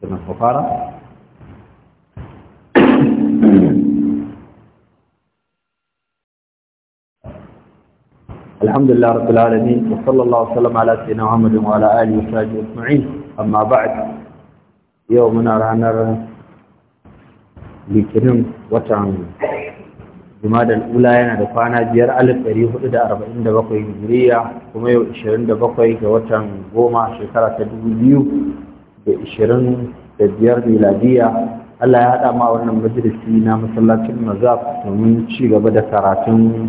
kenan ku fara الحمد لله رب العالمين ranar litinin watan jumadal yana da kwana biyar alif ɗari hudu da arba'in da bakwai hijiriya kuma yau ishirin da bakwai ga watan goma shekara ta dubu biyu da ishirin da biyar miladiya Allah ya haɗa ma wannan majalisi na masallacin mazaf domin ci gaba da karatun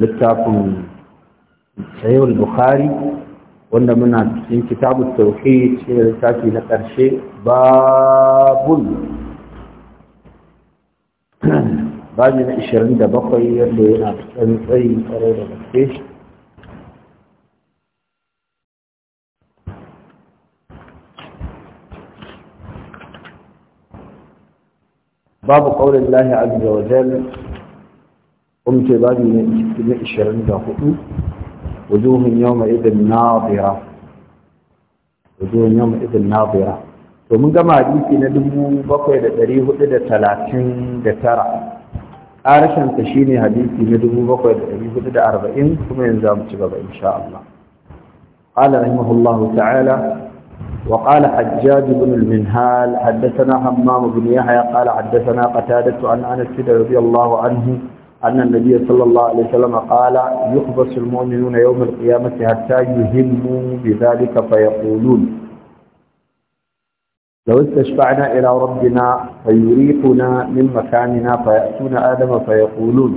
littafin sayar bukhari wanda muna cikin kitabu tauhid shi littafi na ƙarshe babul babi na 27 yadda yana tsayi tare da gaske babu ƙaunin lahi azza wa jal umce babu na 24 wujuhun yawma idin nadira wujuhun yawma idan nadira to mun gama hadisi na 7439 ƙarashin shi shine hadisi na arba'in, kuma yanzu mu ci gaba insha Allah قال رحمه الله تعالى وقال حجاج بن المنهال حدثنا حمام بن يحيى قال حدثنا قتادة عن أنس رضي الله عنه أن النبي صلى الله عليه وسلم قال يخبص المؤمنون يوم القيامة حتى يهموا بذلك فيقولون لو استشفعنا إلى ربنا فيريقنا من مكاننا فيأتون آدم فيقولون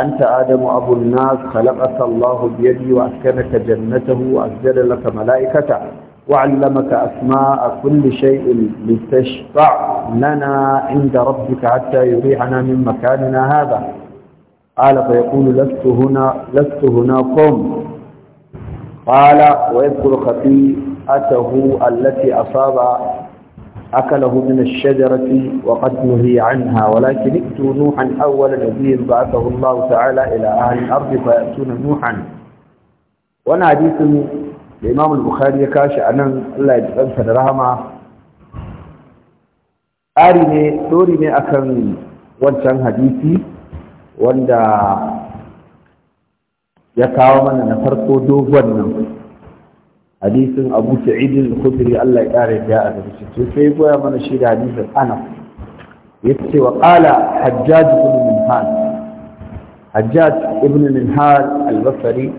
أنت آدم أبو الناس خلقك الله بيدي وأسكنك جنته وأسجد لك ملائكته وعلمك أسماء كل شيء لتشفع لنا عند ربك حتى يريحنا من مكاننا هذا قال فيقول لست هنا لست هنا قم قال ويذكر خطيئته التي أصاب أكله من الشجرة وقد نهي عنها ولكن ائتوا نوحا أول نبي بعثه الله تعالى إلى أهل الأرض فيأتون نوحا وانا حديث da imam al-bukhari ya kashi a nan allah ya ji ɗansa da rahama ƙari ne ɗori ne akan wancan hadisi wanda ya kawo mana na farko dogon nan hadisin abu sa'idin Kuduri, khudri allah ya ƙara ya a gaba to sai goya mana shi da hadisin ya yace wa ƙala hajjaj ibn minhal hajjaj ibn minhal al-basri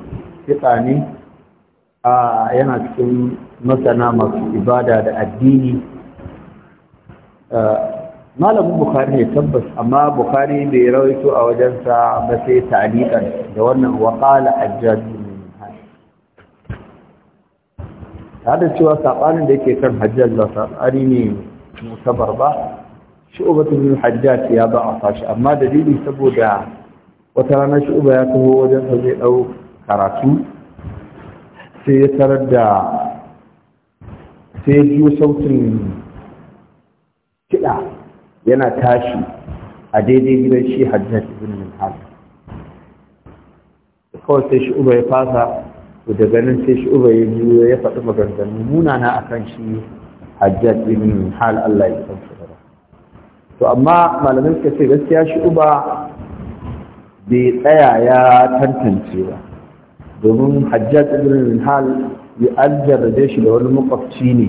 fiqani yana cikin masana masu ibada da addini malamin bukari ne tabbas amma bukari bai rawaito a wajensa ba sai ta'alikan da wannan waƙala ajjaji ta da cewa saɓanin da yake kan hajjar da saɓari ne musabar ba shi'ubatun yin hajjaj ya ba a fashi amma dalili saboda wata ranar uba ya taho wajensa zai ɗau karatu sai ya tarar da sai ya sautin kiɗa yana tashi a daidai gidan shi hajjar ibn minhal kawai sai shi uba ya fasa daga nan sai shi uba ya biyo ya faɗi maganganu munana a kan shi hajjar ibn minhal allah ya san to amma malamin suka ce gaskiya shi uba bai tsaya ya tantance ba domin hajjaj ibn hal ya aljarrabe shi da wani makwabci ne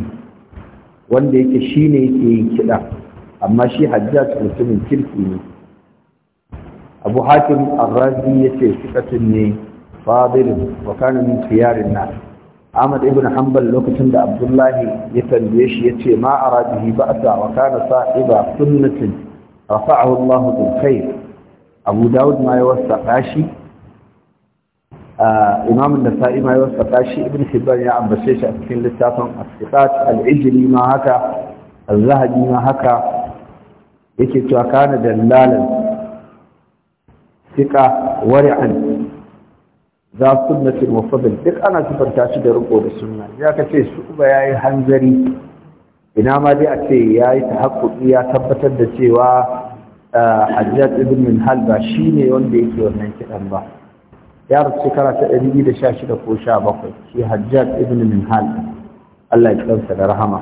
wanda yake shi ne yake yin kiɗa amma shi hajjaj mutumin kirki ne abu hakim arrazi ya ce sikatun ne fadirin wa kana min khiyarin nas ahmad ibn hanbal lokacin da abdullahi ya tambaye shi ya ce ma arabihi ba'sa wa kana sahiba sunnatin rafa'ahu allah bil khair abu daud ma ya wasa shi imamin nasa'i ma yawan saka shi ibn hibban ya ambace shi a cikin littafin as-sifat al-ijli ma haka az-zahabi ma haka yake cewa kana dallalan wari'an za sunnati mufaddal duk ana sifanta shi da riko da sunna ya kace su ba yayi hanzari ina ma dai a ce ya yayi tahaqquqi ya tabbatar da cewa Hajjat ibn Minhal ba ne wanda yake wannan kiɗan ba yar shekara ta 216 ko shi ibn minhal Allah ya kansa da rahama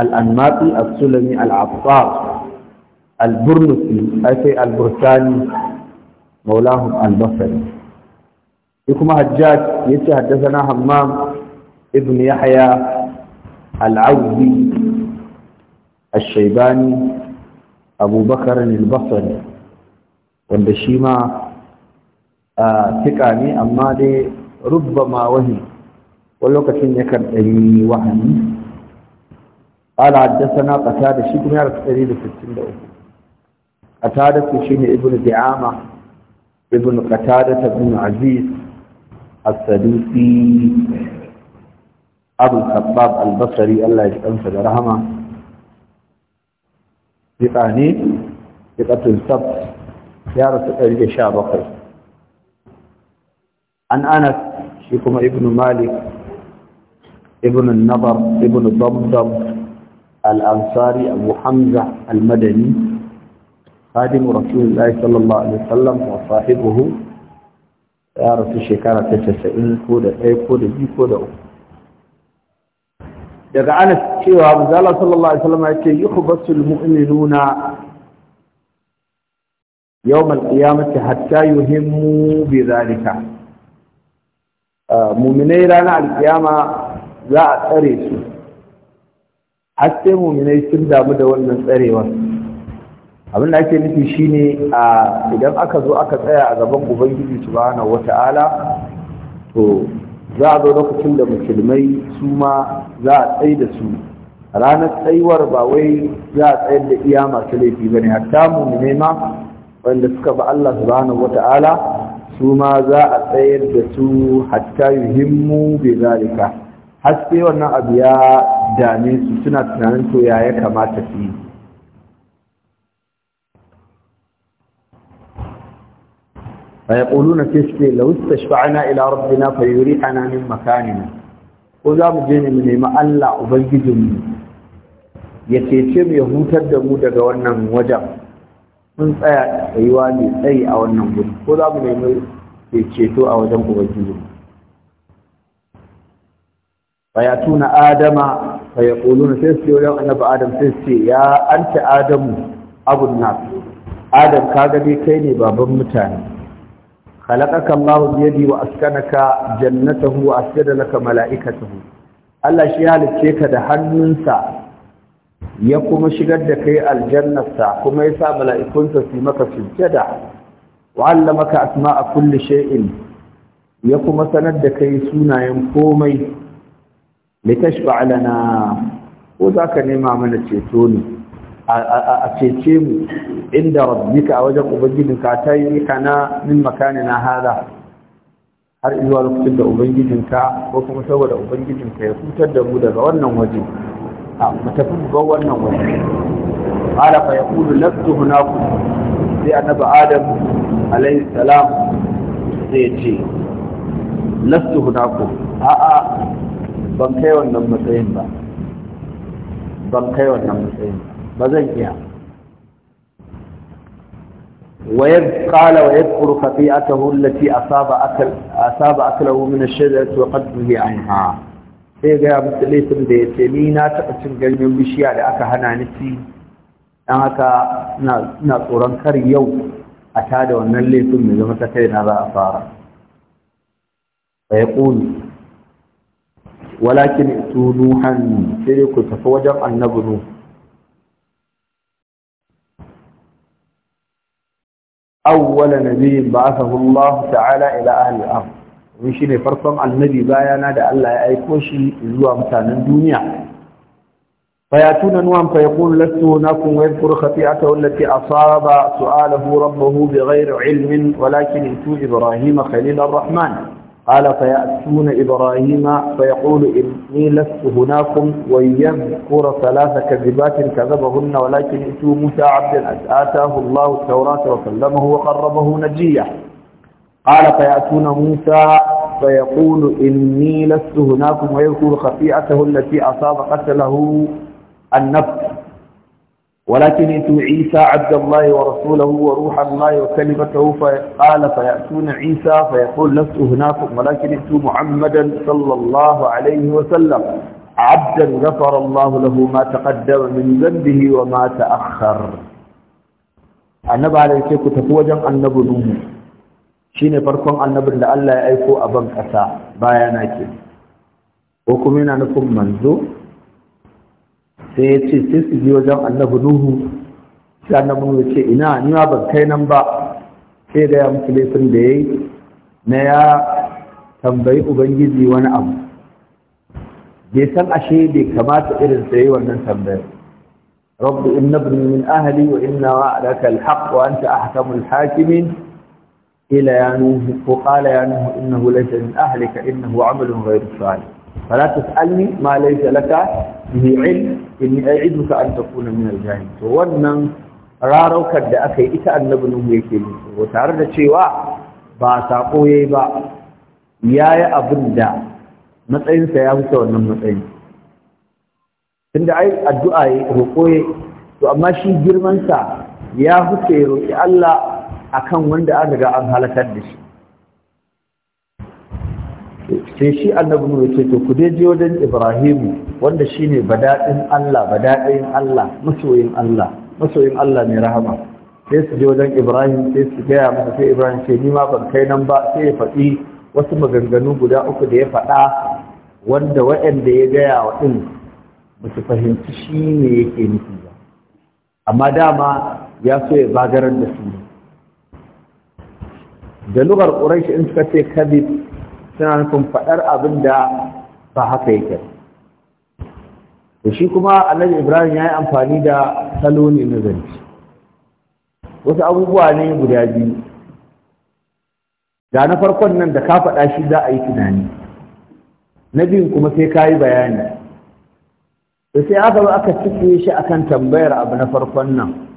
al-anmati as-sulami al-affar al-burnusi al al shi kuma hajjaj yace na hammam ibn yahya al-awzi al-shaybani abu al wanda shi ma a fika ne amma dai rubba ma wahi wani lokacin ya karɗari wahani ala haddasa na ƙasa da shi kuma ya rasu ɗari da sittin da uku ƙasa su shi ne ibn bi'ama ibn ƙasa ta ibn aziz al-sadusi abu sabab al-basari allah da rahama fika ne fika tun sab ya rasu ɗari da sha bakwai عن أنس فيكم ابن مالك ابن النظر ابن ضبضب الأنصاري أبو حمزة المدني خادم رسول الله صلى الله عليه وسلم وصاحبه يا رسول الله كان تسأل أي كودة دي كودة يقع أنس كيوا عبد الله صلى الله عليه وسلم يقول يخبص المؤمنون يوم القيامة حتى يهموا بذلك Ah, muminai ranar alkiyama za a tsare su har sai muminai sun damu da wannan tsarewar abin da ake nufi shine a idan aka zo aka tsaya a gaban ubangiji subhanahu wata'ala to za a zo lokacin da musulmai su ma za a tsaye da su ranar tsayuwar ba wai za a tsayar da iya masu laifi ba ne hatta muminai ma wanda suka ba Allah subhanahu wata'ala su ma za a tsayar da su hatta himmu bi zalika haske wannan abu ya dame su suna tunanin to ya ya kamata su yi a ya ƙulu na ce suke lausta shafa'ana ila rabbina fayuri hananin makanina ko za mu je ne mu nemi allah ubangijinmu ya ce ce mu ya hutar da mu daga wannan wajen Sun tsaya da tsayuwa mai tsayi a wannan guri ko za mu nemi mai ceto a wajen ubangiji fayatuna adama na sai su yi annabi adam sai su ya anta adamu abun na adam Ka dai kai ne baban mutane khalaqaka Allahu bi yadi wa askanaka jannatahu wa asjada laka mala'ikatahu Allah shi ya halicce ka da hannunsa ya kuma shigar da kai aljannarsa kuma ya sa mala'ikunsa su maka sujjada maka maka a kulle sha’in ya kuma sanar da kai sunayen komai litashfa na, ko za ka nema mana ceto ne a cece mu inda ka a wajen ubangijin ka, ta yi na min na hada har izuwa lokacin da ubangijin ka, ko kuma saboda ubangijin ka, ya kutar da mu daga wannan waje متفوض بوان نوان قال فيقول لبت هناك في أنب آدم عليه السلام سيجي لبت هناك قال ويذكر خطيئته التي أصاب, أكل أصاب أكله من الشجرة وقد به عنها sai gaya musu laifin da ya ce ni na taɓa cin ganyen bishiya da aka hana ni ci don haka na tsoron kar yau a tada wannan laifin mai zama ta kai na za a fara ya ƙuni walakin su nuhan sai dai ku tafi wajen annabi nu awwala nabiyin ba'athahu Allah ta'ala ila ahli al-ard domin shi ne farkon annabi bayana da Allah ya aiko shi zuwa فياتون نوام فيقول لست هناكم ويذكر خطيئته التي أصاب سؤاله ربه بغير علم ولكن ائتوا إبراهيم خليل الرحمن قال فيأتون إبراهيم فيقول إني لست هناكم ويذكر ثلاث كذبات كذبهن ولكن ائتوا موسى عبدا آتاه الله التوراة وسلمه وقربه نجيا قال فيأتون موسى فيقول إني لست هناكم ويذكر خطيئته التي أصاب قتله النفس ولكن اتوا عيسى عبد الله ورسوله وروح الله وكلمته فقال فيأتون عيسى فيقول لست هناكم ولكن اتوا محمدا صلى الله عليه وسلم عبدا غفر الله له ما تقدم من ذنبه وما تأخر النبي عليه الصلاة والسلام النبي نوح shine farkon annabin da Allah ya aiko a ban ƙasa baya na ko kuma yana nufin manzo sai ya ce sai su ji wajen annabi nuhu sai annabi nuhu ce ina ni ma ban kai nan ba sai da ya musu laifin da ya yi. na ya tambayi ubangiji wani abu bai san ashe bai kamata irin sa yi wannan tambayar رب إن ابني من أهلي وإن وعدك الحق وأنت أحكم الحاكمين قيل يا نوح وقال يا نوح إنه ليس من أهلك إنه عمل غير صالح فلا تسألني ما ليس لك به علم إني أعدك أن تكون من الجاهلين wannan raraukar da aka yi ita annabi Nuhu yake yi tare da cewa ba sako yayi ba yayi abin da matsayinsa ya fi wannan matsayin tunda ai addu'a yayi roƙo to amma shi girman sa ya huce roƙi Allah akan wanda an ga an halakar da shi sai shi annabi ne ce to ku dai je wajen Ibrahim wanda shine badadin Allah badadin Allah masoyin Allah masoyin Allah mai rahama sai su je wajen Ibrahim sai su gaya masa sai Ibrahim sai ni ma ban kai nan ba sai ya faɗi wasu maganganu guda uku da ya faɗa wanda waɗanda ya gaya wa ɗin ba su fahimci shi ne yake nufi ba amma dama ya so ya bagarar da su da lugar ƙuraishi in suka ce kadib suna nufin faɗar abin da ba haka yake da shi kuma annabi ibrahim ya yi amfani da salo ne na zance wasu abubuwa ne guda biyu da na farkon nan da ka faɗa shi za a yi tunani na biyun kuma sai ka yi bayani da sai aka zo aka cike shi akan tambayar abu na farkon nan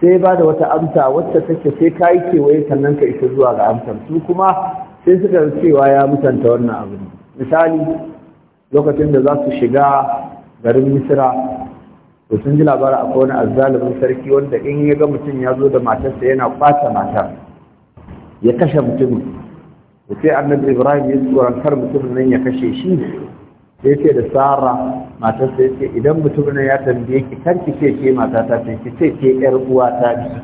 sai ba da wata amsa wacce take sai ka yi kewaye sannan ka isa zuwa ga amsar su kuma sai suka cewa ya mutanta wannan abin misali lokacin da za su shiga garin misira to sun ji labarin akwai wani azzalumin sarki wanda in ya ga mutum ya zo da matarsa yana kwata matar ya kashe mutumin sai annabi ibrahim ya tsoron kar mutumin nan ya kashe shi sai ce da sara matar sai ce idan mutum ne ya tambaye ki kar ki ce ke mata ta ce ki ce ke yar uwa ta ce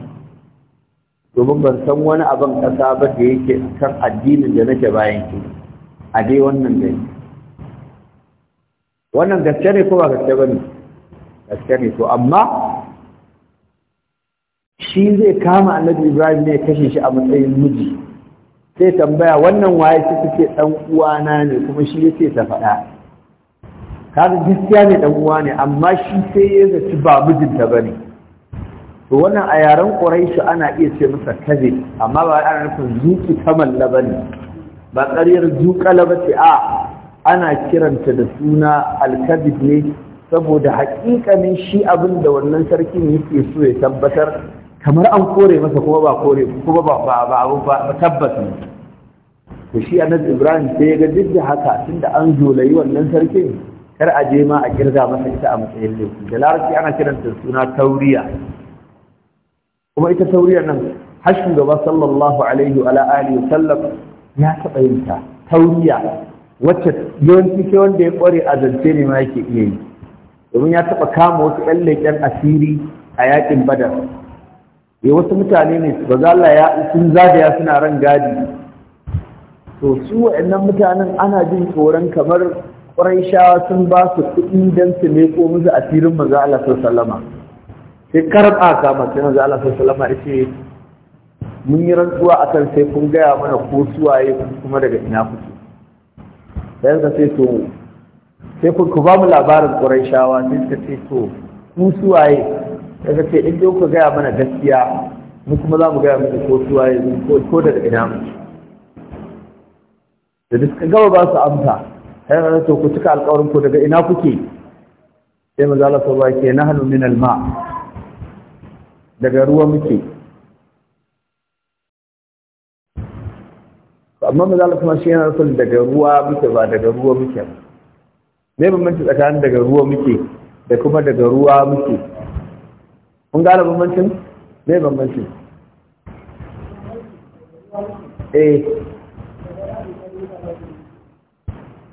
domin ban san wani abin kasa ba da yake kan addinin da nake bayan ki a dai wannan dai wannan gaske ne ko ba gaske ba ne gaske ne to amma shi zai kama annabi ibrahim ne ya kashe shi a matsayin miji sai tambaya wannan waye kike ce dan uwana ne kuma shi yake ta faɗa kaga gaskiya ne dan uwa ne amma shi sai ya zaci ba mijinta bane to wannan a yaren quraishi ana iya ce masa kaze amma ba ana nufin zuki kamalla bane ba ƙaryar zuƙala ba ce a ana kiranta da suna alkabid ne saboda haƙiƙanin shi abin da wannan sarkin yake so ya tabbatar kamar an kore masa kuma ba kore kuma ba ba ba tabbas ne to shi annabi ibrahim sai ya ga duk da haka tunda an zolayi wannan sarkin kar a je ma a kirga masa ita a matsayin laifi da larabci ana kiranta suna tauriya kuma ita tauriyar nan har shugaba sallallahu alaihi wa alihi sallam ya taɓa yin ta tauriya wacce yawanci sai wanda ya kware a zance ne ma yake iya yi domin ya taɓa kama wasu ƴan leƙen asiri a yaƙin badar ya wasu mutane ne ba za Allah ya sun zagaya suna ran gadi to su waɗannan mutanen ana jin tsoron kamar ƙwarai sun ba su kuɗi don su ko musu a firin maza Allah sallama sai karɓa ka mace maza Allah sallama ya ce mun yi rantsuwa akan sai kun gaya mana ko suwaye kuma daga ina kuke dan ka sai to sai ku ba mu labarin ƙwarai shawa sai ka ce to ku suwaye sai ka ce in dai ku gaya mana gaskiya mu kuma za mu gaya muku ko suwaye ko daga ina muke da duk gaba ba su amsa to ku cika alƙawarin ku daga ina kuke sai manzo Allah sallallahu alaihi wasallam nahnu min alma daga ruwa muke amma manzo Allah kuma shi yana rufin daga ruwa muke ba daga ruwa muke ba me bambanci tsakanin daga ruwa muke da kuma daga ruwa muke kun gane bambancin me bambancin eh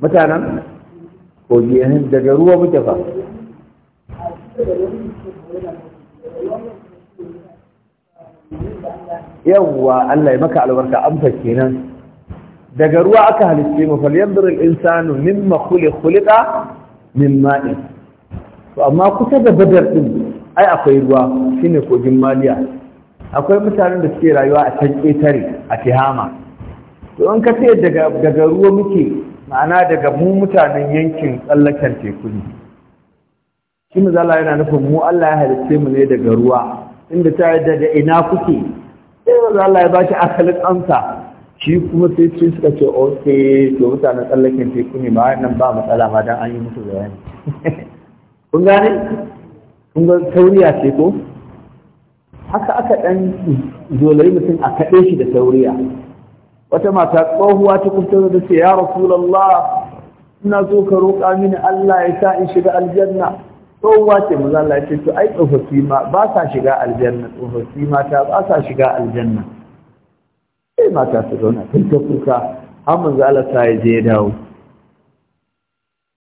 mutanen kogi yanin eh, daga ruwa muke fa yawwa Allah ya maka albarka amsa kenan daga ruwa aka halitta mu falyanzur al-insanu mimma khuliqa min ma'in to amma kusa da badar din ai akwai ruwa shine kogin maliya akwai mutanen da suke rayuwa a can ƙetare a tihama to in ka ce daga daga ruwa muke ma'ana daga mu mutanen yankin tsallaken teku ne shi zala yana nufin mu Allah ya halitta mu ne daga ruwa inda ta yi daga ina kuke sai mu Allah ya ba shi asalin amsa shi kuma sai ce suka ce o oh, sai to mutanen tsallaken teku ne ba nan ba matsala ma dan an yi musu bayani kun gane kun ga tauriya ce ko haka aka dan zolari mutum a kaɗe shi da tauriya wata mata tsohuwa ta kusa da ce ya rasulallah ina so ka roƙa mini Allah ya sa in shiga aljanna tsohuwa ce maza Allah ce to ai tsofaffi ma ba sa shiga aljanna tsofaffi mata ba sa shiga aljanna sai mata su zauna tun ta kuka har maza Allah sa ya je ya dawo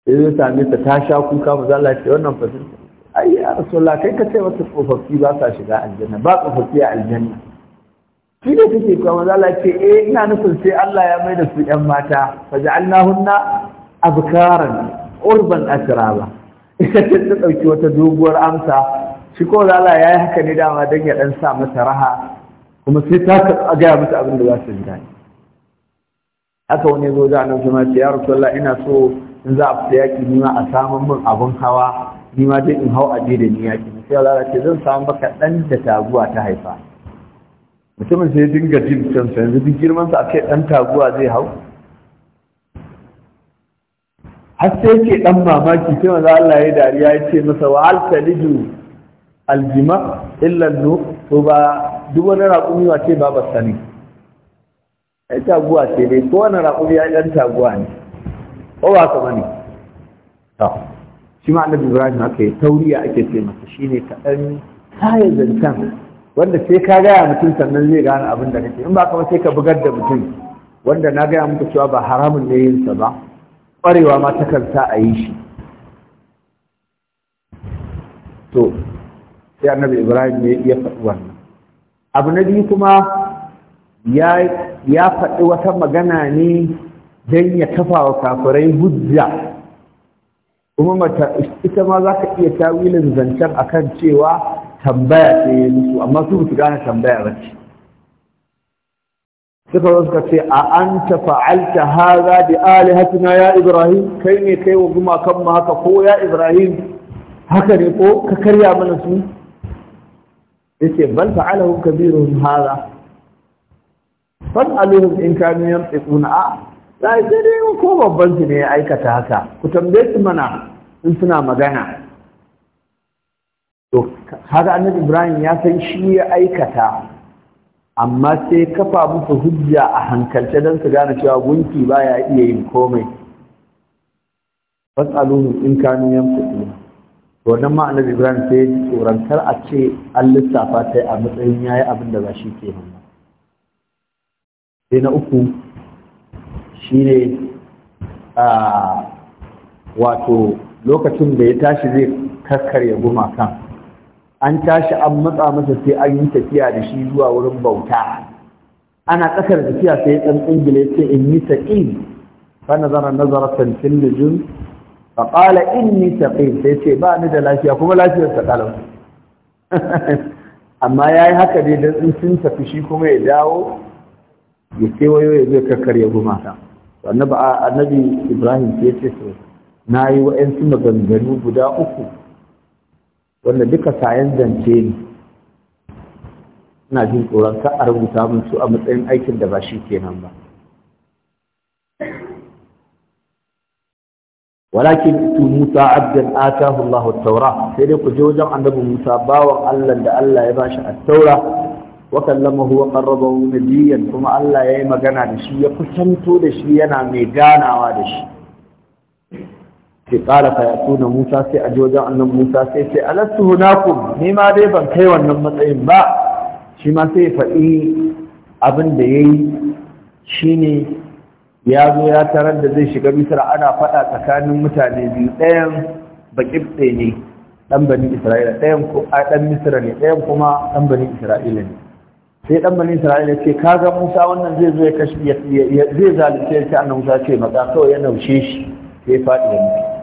sai zai same ta ta sha kuka maza Allah ce wannan fasin ai ya rasulallah kai ka ce wata tsofaffi ba sa shiga aljanna ba tsofaffi a aljanna shi ne take kuma maza Allah ce eh ina nufin sai Allah ya mai da su ƴan mata na abkaran urban asraba ita ce ta dauki wata doguwar amsa shi ko Allah ya yi haka ne dama dan ya dan sa mata raha kuma sai ta ka ga mata abin da za su ji dai Aka wani zo da annabi kuma ce ya rasulullah ina so in za a fita yaki ni ma a samun min abun hawa ni ma dai in hau aje da ni yaki sai Allah ce zan samu baka dan da taguwa ta haifa mutumin sai dinga jin kansa yanzu duk girmansa a kai ɗan taguwa zai hau har sai ke ɗan mamaki sai maza Allah ya dariya ya ce masa wa alkaliju aljima illallu to ba duk wani raƙumi wa ce ba ba sani ai taguwa ce dai ko wani raƙumi ya ɗan taguwa ne ko ba ka bane to shi ma annabi Ibrahim aka yi tauriya ake ce masa shine kaɗan kayan zancen wanda sai ka gaya mutum sannan zai gane abin da kake in ba kuma sai ka bugar da mutum wanda na gaya muku cewa ba haramun ne yin sa ba ƙwarewa ma takan sa a yi shi to sai annabi ibrahim ne ya faɗi wannan abu na biyu kuma ya faɗi wata magana ne don ya kafa wa kafirai hujja kuma ita ma za ka iya tawilin zancen akan cewa tambaya ce ya musu amma su su gane tambaya ba ce suka zo suka ce a an ta fa'alta haza bi alihatina ya ibrahim kai ne kai wa gumakan mu haka ko ya ibrahim haka ne ko ka karya mana su yace bal fa'alahu kabiruhum haza fas'aluhum in kanu yamtiquna a sai dai ko babban su ne ya aikata haka ku tambaye su mana in suna magana to haka annabi ibrahim ya san shi ya aikata amma sai kafa musu hujja a hankalce don su gane cewa gunki ba ya iya yin komai fasaluhu in kanu fito to nan ma annabi ibrahim sai tsoron kar a ce an lissafa sai a matsayin yayi abin da ba shi ke nan sai na uku shine a wato lokacin da ya tashi zai kakkarya gumakan an tashi an matsa masa sai an yi tafiya da shi zuwa wurin bauta ana tsakar tafiya sai ya ɗan ingila sai in yi saƙin fa nazara nazara da jun fa ƙala in ni saƙin sai ce ba ni da lafiya kuma lafiyar sa ƙalau amma ya yi haka dai don in sun tafi shi kuma ya dawo ya kewayo ya zai ya gumata annabi ibrahim sai ce na yi wa'yansu maganganu guda uku wanda duka sayan zance ne ina jin tsoron ka a rubuta mun su a matsayin aikin da ba shi kenan ba walakin tu musa abdan atahu Allah at-taura sai dai ku je wajen annabi Musa bawan Allah da Allah ya bashi at-taura wa kallamahu wa qarrabahu nabiyyan kuma Allah yayi magana da shi ya kusanto da shi yana mai ganawa da shi sai ƙara fayatu na musa sai a wajen annan musa sai sai alastu hunaku ni ma dai ban kai wannan matsayin ba shi ma sai faɗi abin da ya yi shi ne ya zo ya tarar da zai shiga misra ana faɗa tsakanin mutane biyu ɗayan baƙibɗe ne ɗan bani isra'ila ɗayan ɗan misra ne ɗayan kuma ɗan bani isra'ila ne sai ɗan bani isra'ila ce ka ga musa wannan zai zo ya kashe zai zalunce ya ce annan musa ce maza kawai ya naushe shi sai ya faɗi da mutu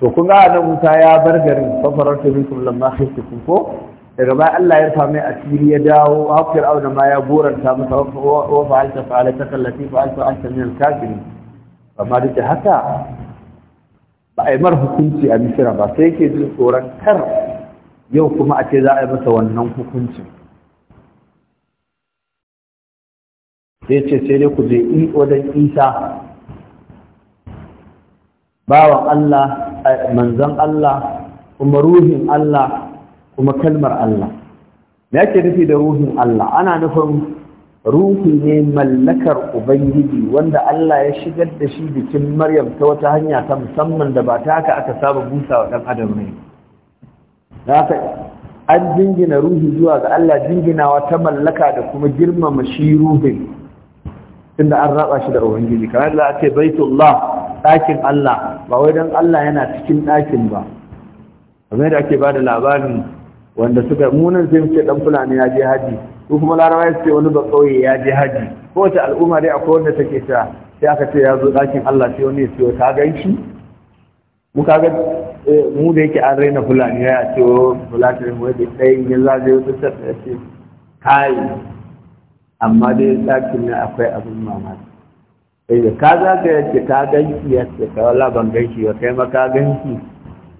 to kuma ga nan Musa ya bar garin safarar ta minkum lamma khiftukum ko daga baya Allah ya sami asiri ya dawo hafir auna ma ya goranta masa wa fa'alta fa'alta kallati fa'alta anta min al amma duk da haka ba a yi mar hukunci a misira ba sai yake jin tsoron kar yau kuma a ce za a yi masa wannan hukuncin sai ce sai dai ku je wajen isa bawan Allah manzon Allah kuma ruhin Allah kuma kalmar Allah me yake nufi da ruhin Allah ana nufin ruhi ne mallakar ubangiji wanda Allah ya shigar da shi bikin Maryam ta wata hanya ta musamman da ba ta haka aka saba busa wa dan adam ne haka an jingina ruhi zuwa ga Allah jinginawa ta mallaka da kuma girmama shi ruhin tunda an raba shi da ubangiji kamar da ake baitullah ɗakin Allah ba wai don Allah yana cikin ɗakin ba kamar da ake ba da labarin wanda suka munan sai muke dan fulani ya je haji ko kuma Laraba ya ce wani ba kauye ya je haji ko wata al'umma dai akwai wanda take ta sai aka ce ya zo ɗakin Allah sai wani ya ce gan ganshi mu ka ga, eh, mu da yake an raina fulani ya ce oh, fulani mu da dai ya zaje wata ta ce kai amma dai ɗakin ne akwai abin mamaki sai eh, ka zagaya ce ka ganki ya ce ka wala ban ganki ba kai maka ka ganki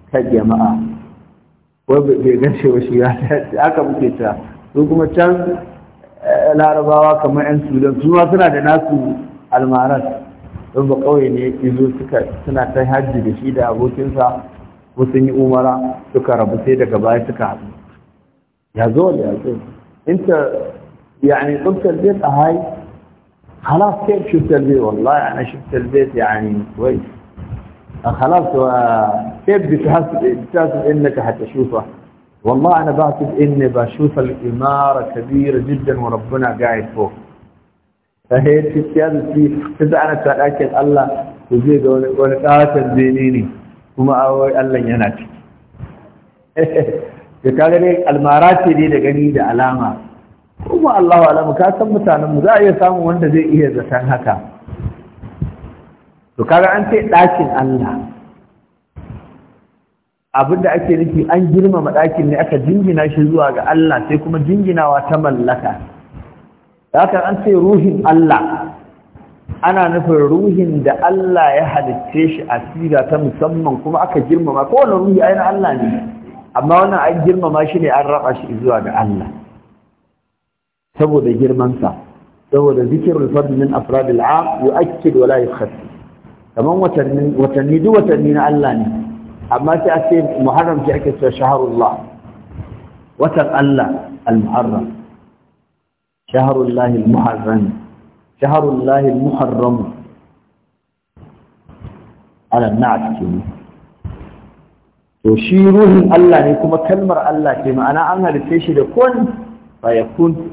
ta jama'a wai bai ganshi ba shi aka muke ta su kuma can eh, larabawa kamar yan sudan su ma suna da nasu almaran don ba kawai ne ya zo suka suna ta hajji da shi da abokinsa ko sun yi umara suka rabu sai daga baya suka haɗu ya zo da ya zo ta yani zai tsahai خلاص كيف شفت البيت والله انا يعني شفت البيت يعني كويس خلاص كيف بتحسب بتحسب انك حتشوفه والله انا باكد اني بشوف الاماره كبيره جدا وربنا قاعد فوق فهي تتياد في انا تاكل الله وزيد ولا تاكل دينيني وما الله يناتي ka gane almarati ne da دي علامة kuma Allahu alamu ka san mutanen za a iya samun wanda zai iya zaton haka to kaga an ce ɗakin Allah abinda ake nufi an girmama ɗakin ne aka jingina shi zuwa ga Allah sai kuma jinginawa ta mallaka haka an ce ruhin Allah ana nufin ruhin da Allah ya halicce shi a siga ta musamman kuma aka girmama kowane ruhi ainihin Allah ne amma wannan an girmama shi ne an raba shi zuwa ga Allah saboda girmansa saboda zikirin fadl min afradil am yu'akkid wa la yukhaffi kaman watanni watanni duk watanni na Allah ne amma sai a ce muharram shi ake cewa shahrullah watan Allah al-muharram shahrullah al-muharram shahrullah al-muharram ala na'at kenan to shi ruhin Allah ne kuma kalmar Allah ke ma'ana an halitta shi da kun fa yakun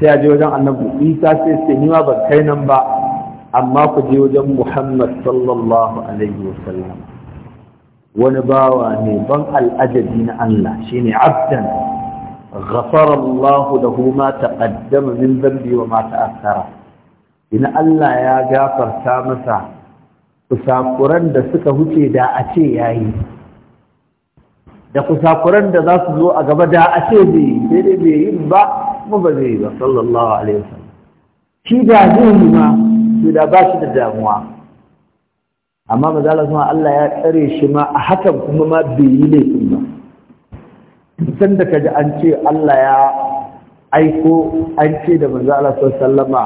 sai a je wajen annabi isa sai ce ni ma ban kai nan ba amma ku je wajen muhammad sallallahu alaihi wasallam wani bawa ne ban al'ajabi na allah shine abdan ghafara da lahu ma taqaddama min dhanbi wa ma ta'akhkhara ina allah ya gafarta masa kusakuran da suka huce da ace yayi da kusakuran da za su zo a gaba da a ce bai yi bai yi ba kuma ba zai yi ba sallallahu alaihi wasallam shi da zai yi ma to da ba shi da damuwa amma ba za maza Allah Allah ya tsare shi ma a hakan kuma ma bai yi laifin ba san da kaji an ce Allah ya aiko an ce da manzo Allah sallama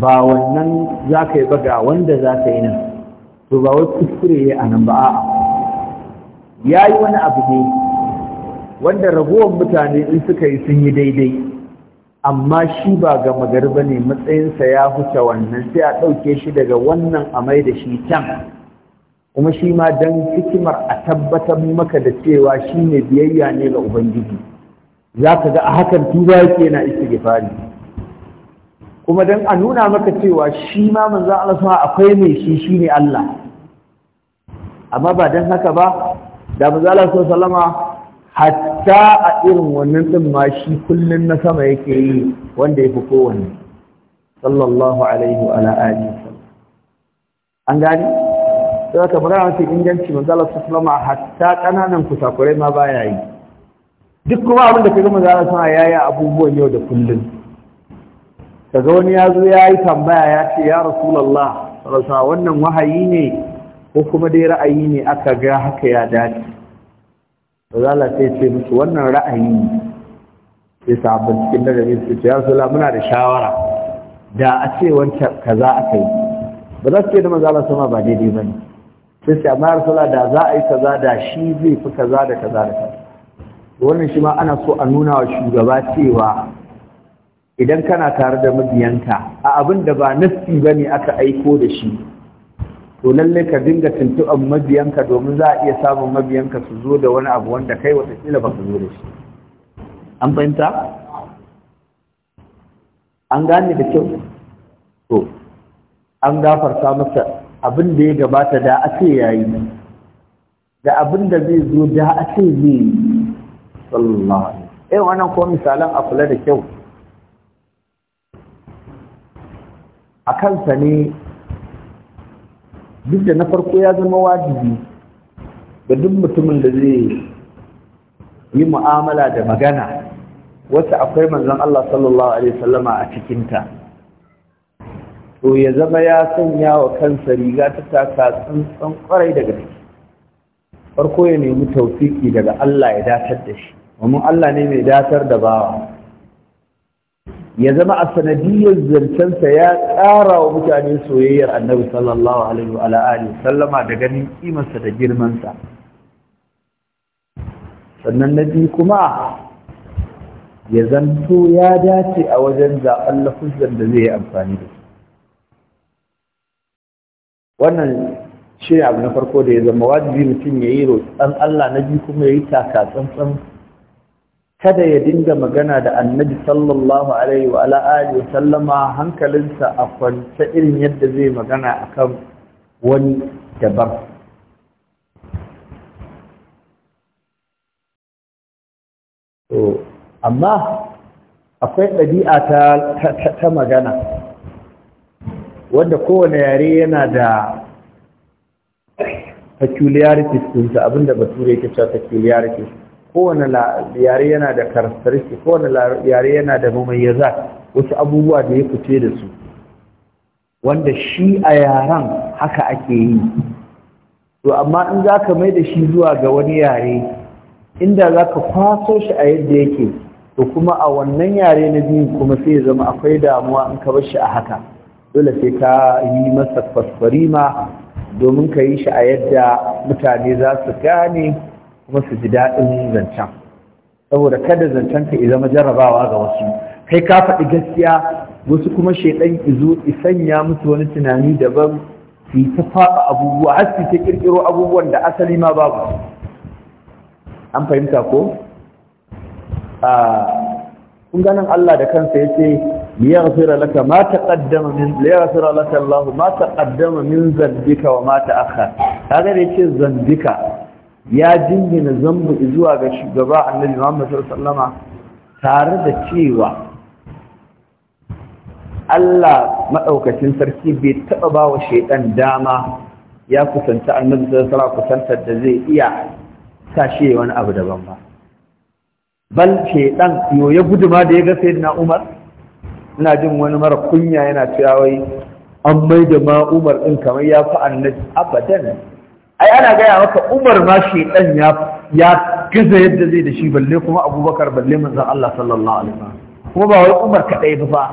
ba wannan za ka yi baga wanda za ka yi nan to ba wai kuskure ya a nan ba a ya yi wani abu ne wanda ragowar mutane in suka yi sun yi daidai amma shi ba ga magar ba ne matsayinsa ya huce wannan sai a ɗauke shi daga wannan amai da shi can kuma shi ma don hikimar a tabbatar maka da cewa shi ne biyayya ne ga ubangiji za ka ga a hakan tuba yake na istighfari kuma don a nuna maka cewa shi ma a Allah akwai mai shi shi ne Allah amma ba don haka ba da manzan Allah salama? hatta a irin wannan din ma shi kullun na sama yake yi wanda ya fi kowanne sallallahu alaihi wa alihi an gani sai aka magana mafi inganci manzala su alaihi hatta kananan kusakurai ma baya yi duk kuma abin da kaga manzala suna yaya abubuwan yau da kullun kaga wani ya zo ya tambaya ya ce ya sallallahu rasa wannan wahayi ne ko kuma dai ra'ayi ne aka ga haka ya dace Allah sai ce musu wannan ra'ayi sai sabon cikin ladabi su ce ya rasulullah muna da shawara da a ce wancan kaza aka yi ba za su ce da maza Allah sama ba daidai ba ne sai sai amma rasulullah da za a yi kaza da shi zai fi kaza da kaza da kaza wannan shi ma ana so a nuna wa shugaba cewa idan kana tare da mabiyanka a abin da ba nassi ba ne aka aiko da shi to lalle ka dinga tuntuɓar mabiyanka domin za a iya samun mabiyanka su zo da wani abu wanda kai watakila ba su zo da shi an fahimta an gane da kyau to an gafarta masa abin da ya gabata da a ce ya yi da abin da zai zo da a ce ne sallallahu alaihi eh wannan ko misalan a kula da kyau a kansa ne duk da na farko ya zama wajibi ga duk mutumin da zai yi mu'amala da magana wata akwai manzon Allah sallallahu alaihi wasallama a cikinta to ya zama ya sanya wa kansa riga ta taka tsantsan kwarai daga ciki farko ya nemi taufiki daga Allah ya datar da shi domin Allah ne mai datar da bawa ya zama a sanadiyar zancensa ya ƙara wa mutane soyayyar annabi sallallahu alaihi wa alihi sallama da ganin imansa da girmansa sannan na biyu kuma ya zanto ya dace a wajen zaɓen lafuzan da zai yi amfani da wannan shi abu na farko da ya zama wajibi mutum ya yi roƙon Allah na biyu kuma ya yi taka tsantsan kada ya dinga magana da annabi sallallahu alaihi wa alihi sallama hankalinsa a kwance irin yadda zai magana akan wani daban to amma akwai ɗabi'a ta, ta magana wanda kowane yare yana da peculiarities ɗinsa abinda bature yake cewa peculiarities kowane yare yana da karastarki kowane yare yana da mamayyazat wasu abubuwa da ya fice da su wanda shi a yaran haka ake yi to amma in za ka mai da shi zuwa ga wani yare inda za ka kwaso shi a yadda yake to kuma a wannan yare na biyu kuma sai ya zama akwai damuwa in ka bar shi a haka dole sai ka yi masa ma domin ka yi shi a yadda mutane za su gane kuma su ji daɗin zancen saboda kada zancenka ya zama jarrabawa ga wasu kai ka faɗi gaskiya wasu kuma shaidan izo sanya musu wani tunani daban su ta faɗa abubuwa har su ta ƙirƙiro abubuwan da asali ma babu an fahimta ko kun ganin Allah da kansa ya ce liyaghfira laka ma taqaddama min liyaghfira laka Allah ma taqaddama min zambika wa ma ta'akhkhar kaga da yace zambika ya jingina zambu zuwa ga shugaba annabi Muhammad sallama tare da cewa Allah maɗaukacin sarki bai taɓa ba wa shaiɗan dama ya kusanta annabi sallallahu alaihi kusantar da zai iya sa wani abu daban ba bal shaiɗan yo ya guduma da ya ga sayyidina Umar ina jin wani mara kunya yana cewa wai an mai da ma Umar din kamar ya fi annabi abadan ai ana gaya maka umar ma shedan ya ya gaza yadda zai da shi balle kuma abubakar balle manzon Allah sallallahu alaihi wasallam kuma ba wai umar kadai ba fa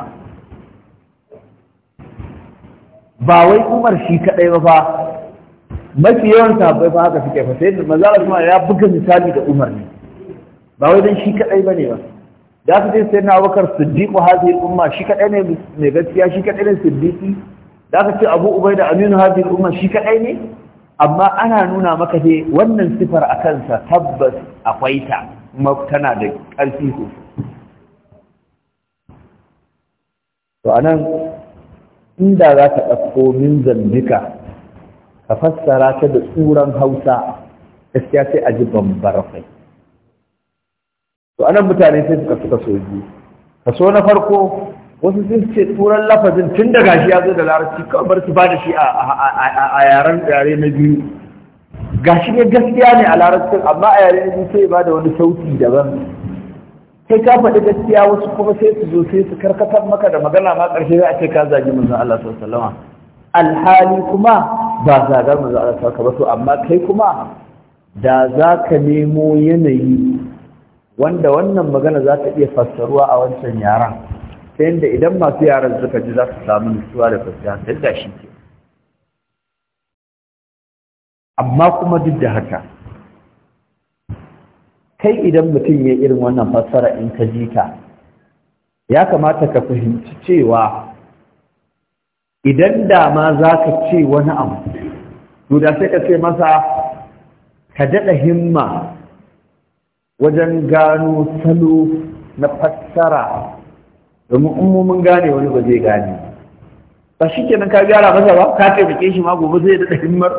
ba wai umar shi kadai ba fa mafi yawan sahabbai fa haka suke fa sai manzon Allah kuma ya buga misali da umar ne ba wai dan shi kadai bane ba da su ce sai na abubakar siddiqu hadhihi umma shi kadai ne mai gaskiya shi kadai ne siddiqi da ka ce abu ubaida aminu hadhihi umma shi kadai ne amma ana nuna maka dai wannan sifar a kansa tabbas akwai ta tana da ƙarfi sosai to anan inda za ka ɗauko min zambika ka fassara ta da tsuran hausa gaskiya sai a ji bambara to anan mutane sai suka suka soji kaso na farko wasu sun ce turan lafazin tun da gashi ya zo da larabci kawai bar su ba da shi a yaren yare na biyu gashi ne gaskiya ne a larabci amma a yare na biyu sai ba da wani sauti daban sai ka faɗi gaskiya wasu kuma sai su zo sai su karkatar maka da magana ma ƙarshe za a ce ka zagi manzon Allah sallallahu alhali kuma ba zagar manzon Allah sallallahu alaihi amma kai kuma da za ka nemo yanayi wanda wannan magana za ta iya fassaruwa a wancan yaran ta yadda idan masu yaran suka ji za su samu nutsuwa da kwanciyar hankali da shi ke amma kuma duk da haka kai idan mutum ya irin wannan fassara in ka ji ta ya kamata ka fahimci cewa idan dama ma za ka ce wani abu to da sai ka ce masa ka daɗa himma wajen gano salo na fassara domin in mun gane wani ba zai gane ba shi kenan ka gyara masa ba ka taimake shi ma gobe zai da himmar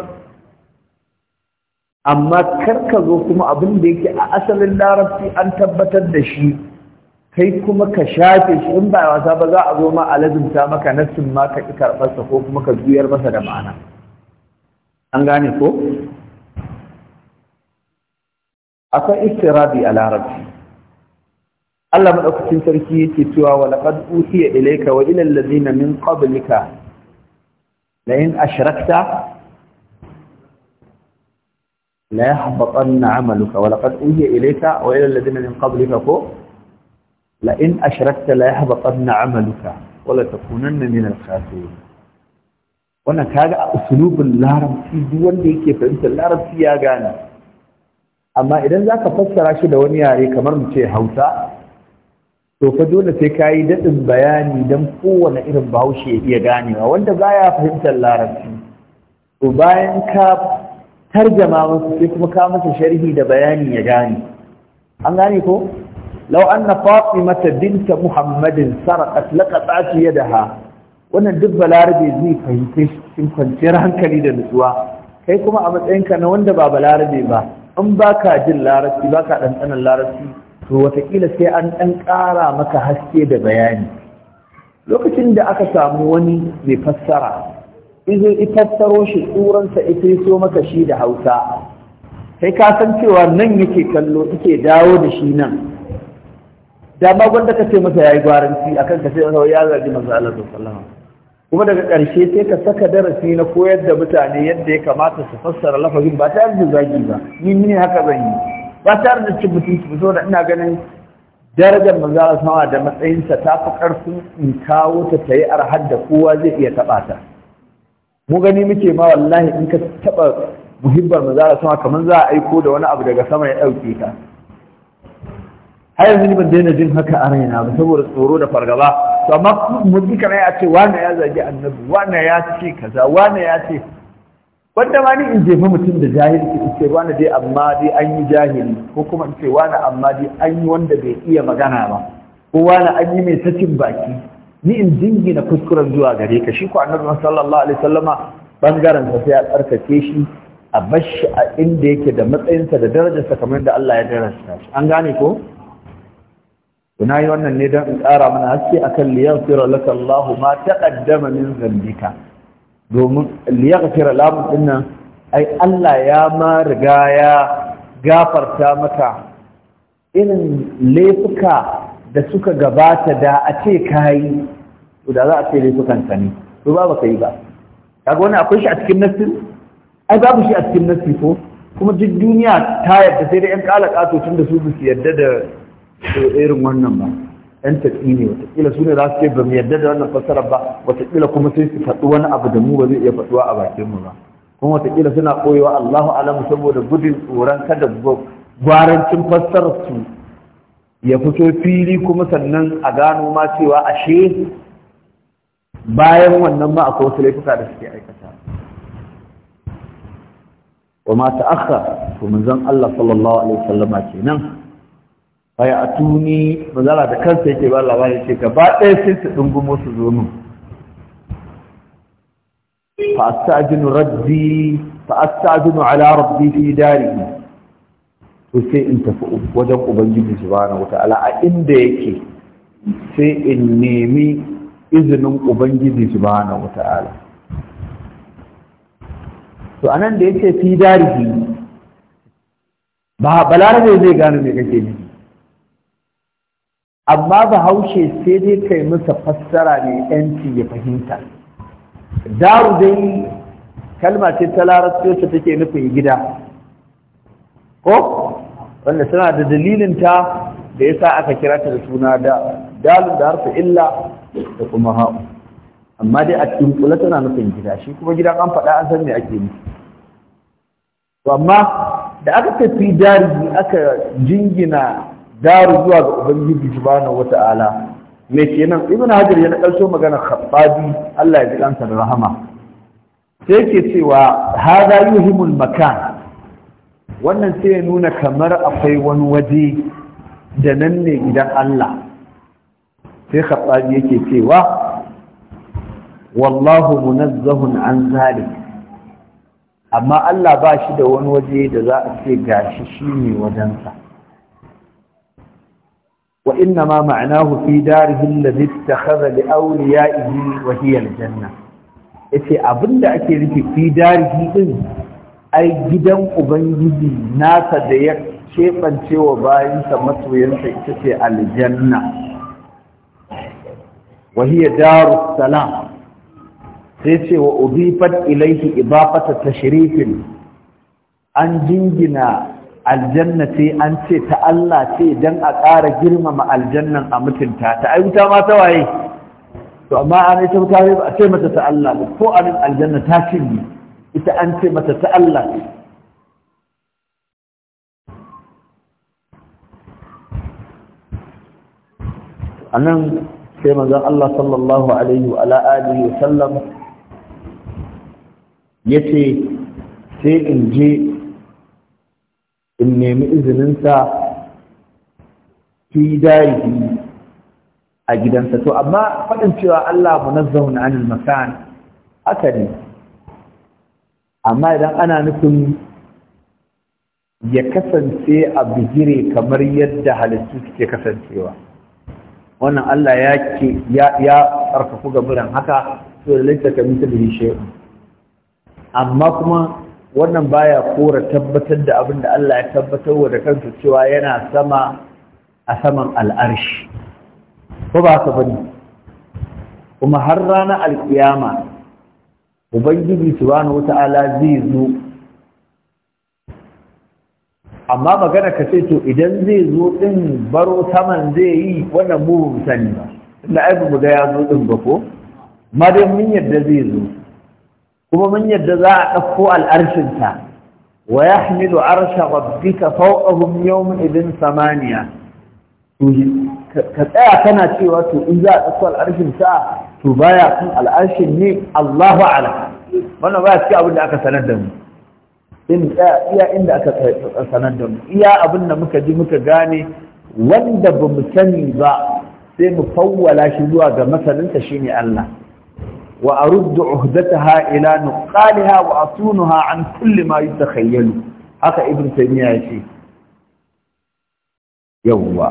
amma kar ka zo kuma abin da yake a asalin larabci an tabbatar da shi kai kuma ka shafe shi in ba wasa ba za a zo ma a maka nassin ma ka ki karɓarsa ko kuma ka juyar masa da ma'ana an gane ko akwai istirabi a larabci Allah madaukakin sarki yake cewa wa laqad uhiya ilayka wa ila allazina min qablika la in ashrakta la yahbatanna 'amaluka wa laqad uhiya ilayka wa ila allazina min qablika ko la in ashrakta la yahbatanna 'amaluka wa la takunanna min al-khasirin wannan kaga a usulubin larabci duk wanda yake fahimtar larabci ya gane amma idan zaka fassara shi da wani yare kamar mu ce Hausa to fa dole sai ka yi daɗin bayani don kowane irin bahaushe ya iya ganewa wanda ya fahimtar larabci to bayan ka tarjama masa sai kuma ka masa sharhi da bayani ya gane an gane ko law anna mata binta muhammadin sarqat da ha! wannan duk balarabe zai fahimci cikin kwanciyar hankali da nutsuwa kai kuma a matsayinka na wanda ba balarabe ba in baka jin larabci baka ɗanɗanon larabci to watakila sai an ɗan ƙara maka haske da bayani lokacin da aka samu wani mai fassara izo fassaro shi turansa ita so maka shi da hausa sai ka san cewa nan yake kallo yake dawo da shi nan dama gwanda ka ce masa yayi gwaranci akan ka ce masa ya zargi masa Allah sallallahu kuma daga ƙarshe sai ka saka darasi na koyar da mutane yadda ya kamata su fassara lafazin ba ta yi zagi ba ni ne haka zan yi ba tare da cin mutunci ba saboda ina ganin darajar manzara sama da matsayinsa ta fi ƙarfin in kawo ta ta yi arhar da kowa zai iya taɓa ta mu gani muke ma wallahi in ka taɓa muhibbar manzara sama kamar za a aiko da wani abu daga sama ya ɗauke ta. har yanzu ban daina jin haka a raina ba saboda tsoro da fargaba to amma mu duka ne a ce wane ya zagi annabi wane ya ce kaza wane ya ce wanda ma ni in jefa mutum da jahili in ce wani dai amma dai an yi jahili ko kuma in ce wani amma dai an yi wanda bai iya magana ba ko wani an yi mai sacin baki ni in jingina kuskuren zuwa gare ka shi ko annabi sallallahu alaihi wasallama bangaren sa sai a tsarkake shi a bashi a inda yake da matsayinsa da darajarsa kamar da Allah ya darasta shi an gane ko na yi wannan ne don in ƙara mana haske akan liyar laka Allahu ma taqaddama min zambika domin liyaghfira lahu dinnan ai Allah ya ma riga ya gafarta maka irin laifuka da suka gabata da a ce kayi to da za a ce laifukan ka ne to ba ba yi ba kaga wani akwai shi a cikin nassin ai babu shi a cikin nassi ko kuma duk duniya ta yadda sai da yan kala katocin da su su yadda da irin wannan ba yan tafi ne watakila su ne za su ce ba mu yarda da wannan fassara ba watakila kuma sai su faɗi wani abu da mu ba zai iya faɗuwa a bakin mu ba kuma watakila suna koyewa Allahu alamu saboda gudun tsoron kada gwarancin fassarar su ya fito fili kuma sannan a gano ma cewa ashe bayan wannan ma akwai wasu laifuka da suke aikata wa ma ta'akhkhar to manzon Allah sallallahu alaihi wasallama kenan fa a tuni manzala da kansa yake ba labarin ce gaba ɗaya sai su dungumo su zo nun fa astajinu rabbi fa astajinu ala rabbi fi dari to sai in tafi wajen ubangiji subhanahu wataala a inda yake sai in nemi izinin ubangiji subhanahu wataala to anan da yake fi dari ba balarabe zai gane me kake nufi amma bahaushe sai dai kai masa fassara mai yanci ya fahimta daru dai kalma ce ta larabci wacce take nufin gida ko wanda suna da dalilinta da yasa aka kira ta da suna da dalin da harfa illa da kuma ha'u amma dai a cikin kula tana nufin gida shi kuma gidan an faɗa an san me ake nufi to amma da aka tafi dari aka jingina daru zuwa ga ubangiji subhanahu wata'ala me kenan ibn hajar ya nakalto magana khattabi Allah ya ji kansa da rahama sai yake cewa hadha yuhimul makan wannan sai ya nuna kamar akwai wani waje da nan ne gidan Allah sai khattabi yake cewa wallahu munazzahun an zalik amma Allah ba shi da wani waje da za a ce gashi shine wajensa وإنما معناه في داره الذي ya لأوليائه وهي الجنة yace abin da ake rufe fi din ai gidan ubangiji nasa da ya kebance wa bayansa masoyansa ita ce aljanna wa hiya darus salam sai ce wa udifat ilayhi ibafata tashrifin an jingina aljanna ce an ce ta Allah ce don a ƙara girmama aljannan a mutunta ta ai wuta ma ta waye to amma an ita wuta ne ba a ce mata ta Allah ba ko anan aljanna ta cinye ita an ce mata ta Allah A anan sai manzon Allah sallallahu alaihi wa ala alihi wa sallam yace sai in je in nemi izininsa fi darihi a gidansa to amma faɗin cewa Allah munazzahun anil makan haka ne amma idan ana nufin ya kasance a bijire kamar yadda halittu suke kasancewa wannan Allah ya ke ya tsarkaku gaburan haka to da laifin ta bihi amma kuma wannan baya kora tabbatar da abin da Allah ya tabbatar wa da kansa cewa yana sama a saman al'arshi ko ba ka bane kuma har ranar alkiyama ubangiji subhanahu wata'ala zai zo amma magana ka ce to idan zai zo din baro saman zai yi wannan mu sani ba inda ai mu ga ya zo din ba ko ma dai mun yadda zai zo kuma mun yadda za a ɗauko al'arshinta wa ya hamilu arsha rabbika fawqahum yawmin idin samaniya ka tsaya kana cewa to in za a ɗauko al'arshin sa to baya kan al'arshin ne Allahu a'lam wannan baya cikin abin da aka sanar da mu in iya inda aka sanar da mu iya abin da muka ji muka gane wanda ba mu sani ba sai mu fawwala shi zuwa ga masaninta shine Allah وأرد عهدتها إلى نقالها وأصونها عن كل ما يتخيل هكا ابن تيمية يشي يوا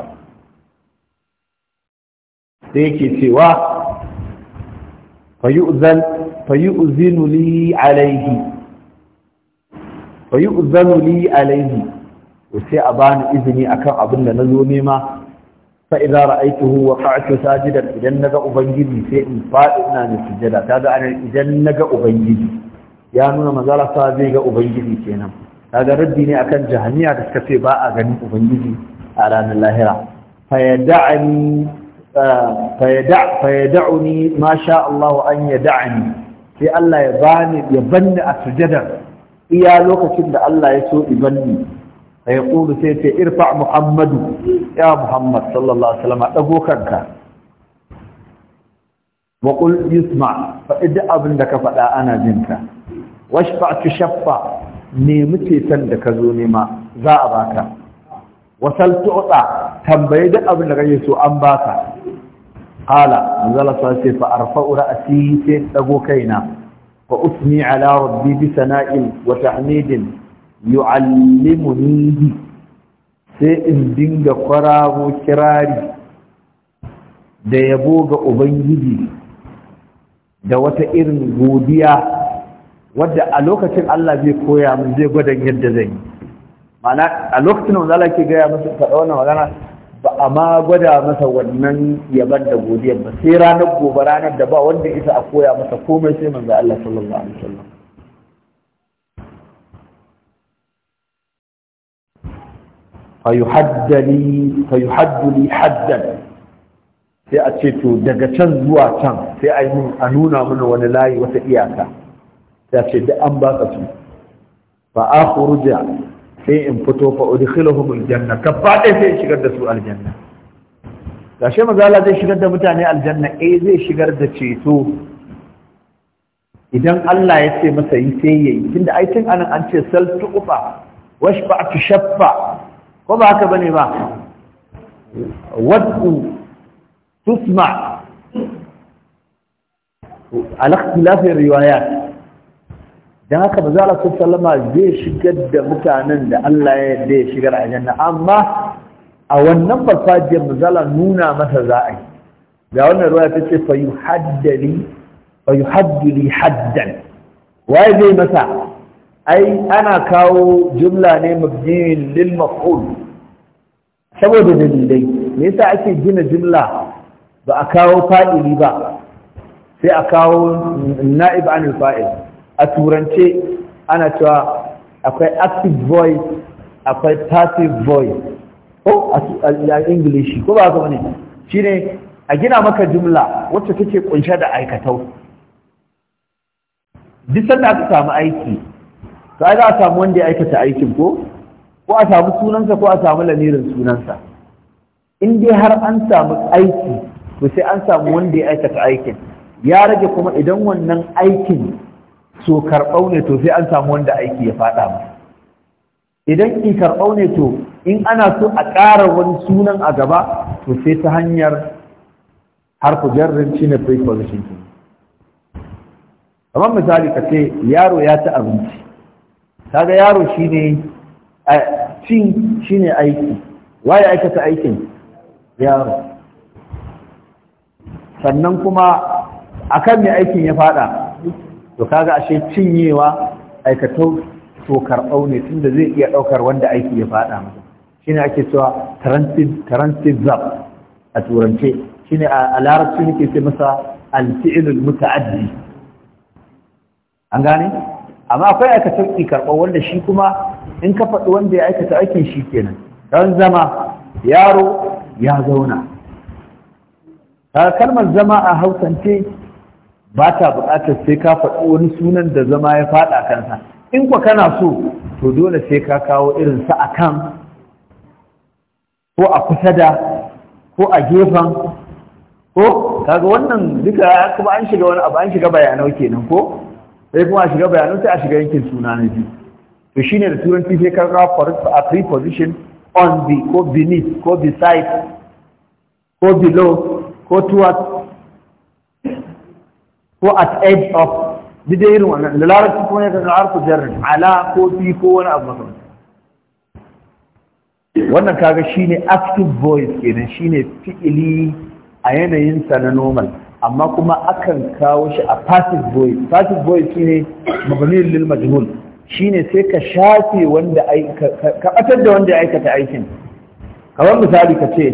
ديكي سوا فيؤذن فيؤذن لي عليه فيؤذن لي عليه وسي أبان إذني أكام أبن نزو نيما fa idza ra'aytuhu waqa'tu sajidan idan naga ubangiji sai in fadi ina ne sujada kaga anan idan naga ubangiji ya nuna manzala sa zai ga ubangiji kenan kaga raddi ne akan jahaniya da suka ce ba a ganin ubangiji a ranar lahira fa yada'ani fa yada' fa yada'uni ma sha Allah an sai Allah ya bani ya banni a sujada iya lokacin da Allah ya so ibanni sai ya sai ce irfa muhammadu ya muhammad sallallahu alaihi wasallam dago kanka wa qul yusma fa idda abin da ka faɗa ana jinka washfa tushaffa ne muke san da ka zo nema za a baka wasal tu'ta tambaye duk abin da kake so an baka qala sa sai fa arfa'u ra'si sai dago kaina fa usmi ala rabbi bi sana'in wa tahmidin yu'allimunihi sai in dinga kwararo kirari da yabo ga ubangiji da wata irin godiya wadda a lokacin Allah zai koya min zai gwada yadda zan yi mana a lokacin da Allah ke gaya masa faɗa wannan magana ba a ma gwada masa wannan yaban da godiyar ba sai ranar gobe ranar da ba wanda isa a koya masa komai sai manzo Allah sallallahu alaihi wasallam fayuhaddu li haddan sai a ce to daga can zuwa can sai a yi a nuna mana wani layi wata iyaka sai a ce da an ba ka su fa a khuruja sai in fito fa udkhiluhum aljanna ka fade sai shigar da su aljanna gashe mazala zai shigar da mutane aljanna eh zai shigar da ceto idan Allah ya ce masa yi sai yayi tunda ai tun anan an ce sal tuqfa washfa tushaffa ko ba haka bane ba wad'u tusma ala ikhtilafin riwayat dan haka manzo Allah sallama zai shigar da mutanen da Allah ya yarda ya shigar aljanna amma a wannan farfajiyar manzo Allah nuna masa za'a ga wannan ruwaya tace fa yuhaddali fa yuhaddili haddan waye zai masa ai ana kawo jumla ne mabniyin lil maf'ul saboda dalilai me yasa ake gina jumla ba a kawo fa'ili ba sai a kawo na'ib anil fa'il a turance ana cewa akwai active voice akwai passive voice ko a ingilishi ko ba ka ne shine a gina maka jumla wacce take kunshe da aikatau duk sanda aka samu aiki sai za a samu wanda ya aikata aikin ko ko a samu sunansa ko a samu lamirin sunansa in dai har an samu aiki to sai an samu wanda ya aikata aikin ya rage kuma idan wannan aikin so karɓau ne to sai an samu wanda aiki ya faɗa mu idan in karɓau ne to in ana so a ƙara wani sunan a gaba to sai ta hanyar harfu jarrin shi ne position. kamar misali ka ce yaro ya ci abinci kaga yaro shine cin shine aiki waye aikata aikin yaro sannan kuma akan mai aikin ya fada to kaga ashe cinyewa aikata to karɓau ne tunda zai iya ɗaukar wanda aiki ya fada masa shine ake cewa transit zab a turance shine a larabci nake ce masa al muta'addi an gane amma akwai aka sauki karɓar wanda shi kuma in ka faɗi wanda ya aikata aikin shi kenan don zama yaro ya zauna kalmar zama a hausance ba ta buƙatar sai ka faɗi wani sunan da zama ya faɗa kansa in kwa kana so to dole sai ka kawo irin sa a kan ko a kusa da ko a gefen ko kaga wannan duka kuma an shiga wani abu an shiga bayanau kenan ko sai kuma a shiga bayanan sai a shiga yankin suna na biyu to shine da turanci sai ka for a preposition on the ko beneath ko beside ko below ko towards ko at edge of bide irin wannan da larabci kuma ya kaga harfu jarrin ala ko fi ko wani abu maka wannan kaga shine active voice kenan shine fi'ili a yanayin sa na normal amma kuma akan kawo shi a passive voice passive voice shine mabniyul lil majhul shine sai ka shafe wanda ka batar da wanda ya aikata aikin kamar misali ka ce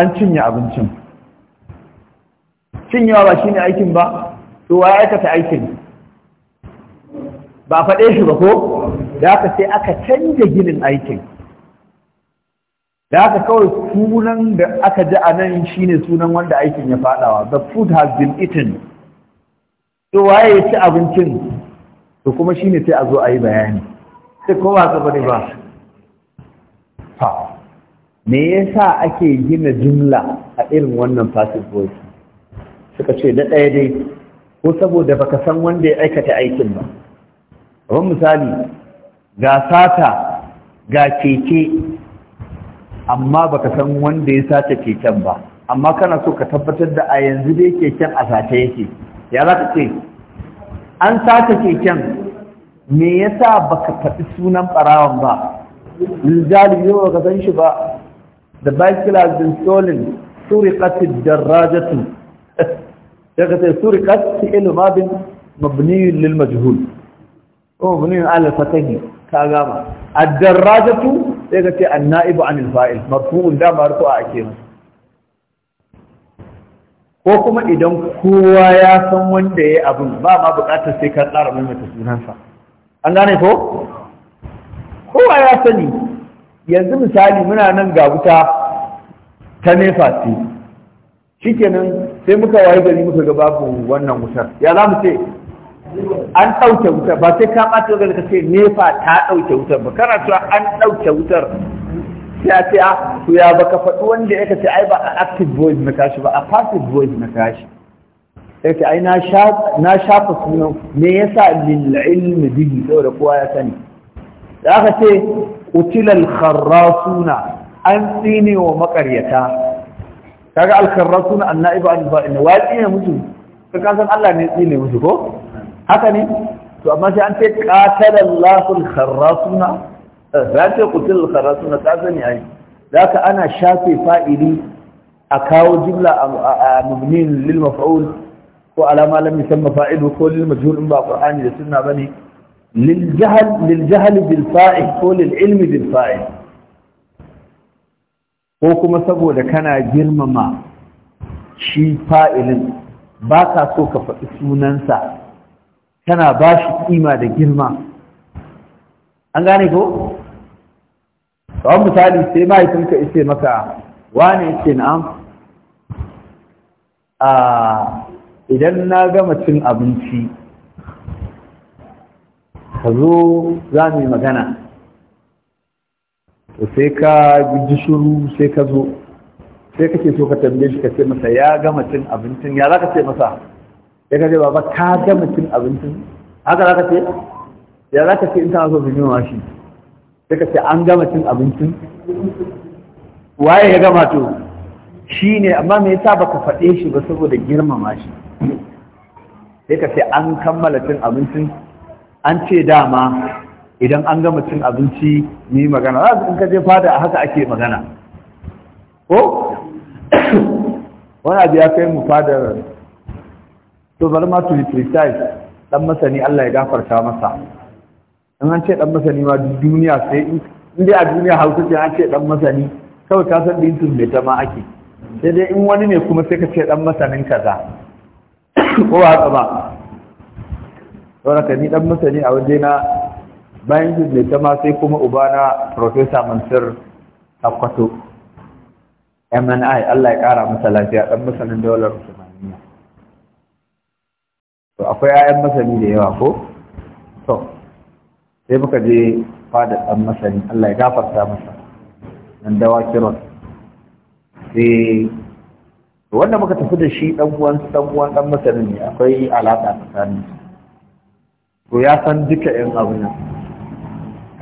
an cinye abincin cinyewa ba shine aikin ba to wa aikata aikin ba faɗe shi ba ko da aka sai aka canja ginin aikin da aka kawai sunan da aka ji a nan shine sunan wanda aikin ya faɗawa. the food has been eaten to waye ya ci abincin to kuma shi ne sai a zo a yi bayani sai kowa ta bane ba ha me yasa ake gina jimla a irin wannan passive voice suka ce da ɗaya dai ko saboda baka san wanda ya aikata aikin ba kamar misali ga sata ga keke amma ba ka san wanda ya sace keken ba amma kana so ka tabbatar da a yanzu dai keken a sace yake ya za ka ce an sace keken me yasa baka faɗi sunan ɓarawan ba zalibi yau ka san shi ba the bicycle has been stolen suriqat ad-darajatu daga sai ilu ma mabin mabni lil majhul ko oh, mabni ala fatahi ka gama ad-darajatu sai ka ce an ilfa’il fa'il dama da marfu'a ake masa ko kuma idan kowa ya san wanda ya abin ba ma buƙatar sai ka tsara maimaita sunansa an gane ko kowa ya sani yanzu misali muna nan ga wuta ta nefa ce shikenan sai muka wayi gari muka ga babu wannan wutar ya za mu ce an ɗauke wutar ba sai ka ɓata wutar ka ce nefa ta ɗauke wutar ba kana cewa an ɗauke wutar sai a ce a to ya baka faɗi wanda ya ce ai ba a active voice na kashi ba a passive voice na kashi sai ai na shafa sunan me yasa lil ilmi bihi saboda kowa ya sani da aka ce utilal kharrasuna an tsine wa makaryata kaga al kharrasuna annaiba al ba'in wa tsine musu ka san Allah ne tsine musu ko haka ne to amma sai an ce qatalallahu al kharasuna za eh, ce qutil ta kharrasuna a yi. ai zaka ana shafe fa'ili a kawo jumla a mubnin lil maf'ul ko alama lam yusamma fa'ilu ko lil majhul in ba qur'ani da sunna bane lil jahl lil jahl bil fa'il ko lil ilmi bil fa'il ko kuma saboda kana girmama shi fa'ilin ba ka so ka faɗi sunansa tana ba shi kima da girma an gane ko? tsawon misali sai mahaifinka ishe maka wane ishe na'am a idan na gama cin abinci ka zo za mu yi magana to sai ka guji shuru sai ka zo sai kake so ka tambaye shi ka ce masa ya gama cin abincin ya za ka ce masa sai ka ce baba ka ga mutum abincin haka za ka ce ya za ka ce in tana so su yi shi sai ka ce an gama cin abincin waye ya gama to shi ne amma me yasa baka faɗe shi ba saboda girmama shi sai ka ce an kammala cin abincin an ce dama idan an gama cin abinci ni magana za su in ka je fada a haka ake magana ko wani abu ya kai mu fadar to bari ma to precise dan masani Allah ya gafarta masa in an ce dan masani ma duniya sai in dai a duniya hausa ce an ce dan masani kawai ka san dinkin bai ta ma ake sai dai in wani ne kuma sai ka ce dan masanin kaza ko ba haka ba saboda kani dan masani a waje na bayan shi bai ta ma sai kuma ubana professor Mansur Akwato MNI Allah ya kara masa lafiya dan masanin daular Usman to akwai 'ya'yan masani da yawa ko to sai muka je fada dan masani Allah ya gafarta masa nan dawa kiron sai wanda muka tafi da shi dan uwan ɗan uwan dan masani ne akwai alaƙa tsakanin to ya san duka 'yan abin nan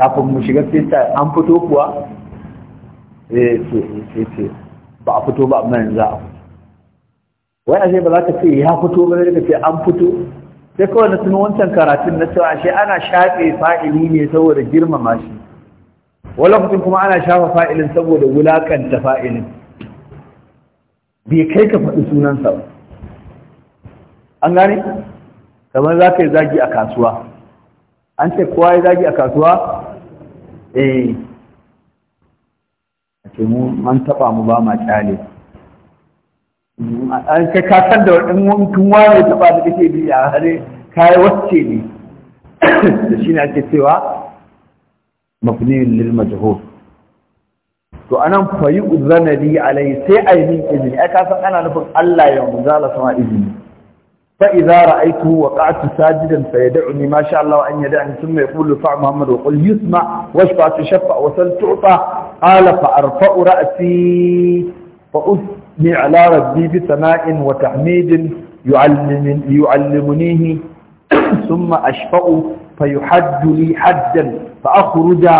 kafin mu shiga sita an fito kuwa eh ce ce ba a fito ba amma yanzu a wai ashe ba za ka ce ya fito ba zai ce an fito sai kawai na tuno wancan karatun na cewa ashe ana shafe fa'ili ne saboda girmama shi wani lokacin kuma ana shafa fa'ilin saboda wulakanta fa'ilin bai kai ka faɗi sunansa ba an gane kamar za ka yi zagi a kasuwa an ce kowa ya zagi a kasuwa eh a ce mu man taɓa mu ba ma kyale an ka kasar da wani mutum wane taɓa da kake bi a hare kayi wacce ne da shi ne ake cewa mafinin lil majhul to anan fa yi uzanari alai sai a yi min izini ai kasan ana nufin Allah ya zala sama izini fa idza ra'aytu wa qa'tu sajidan fa yad'uni ma sha Allah an yad'ani thumma yaqulu fa Muhammad wa qul yusma washfa tushfa wa sal tu'ta qala fa arfa'u ra'si fa ni ala rabbi bi sana'in wa tahmidin yu'allimunihi thumma ashfa'u fayuhaddu li haddan fa akhruja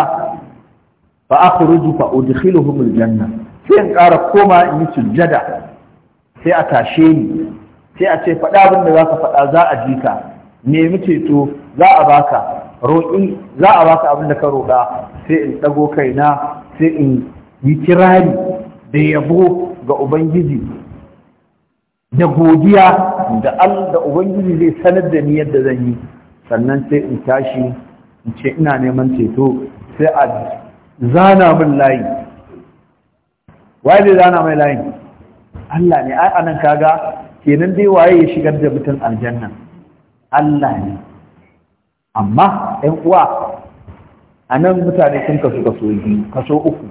fa akhruju fa udkhiluhum aljanna sai in ƙara koma in yi sujjada sai a tashe ni sai a ce faɗa abin da zaka faɗa za a ji ka nemi ceto za a baka roƙi za a baka abin da ka roƙa sai in ɗago kaina sai in yi kirari da yabo ga ubangiji da godiya da da ubangiji zai sanar da ni yadda zan yi sannan sai in tashi in ce ina neman ceto sai a zana min layi waye zai zana mai layi Allah ne ai anan kaga kenan dai waye ya shigar da mutum aljanna Allah ne amma ɗan uwa nan mutane sun kasu kaso biyu kaso uku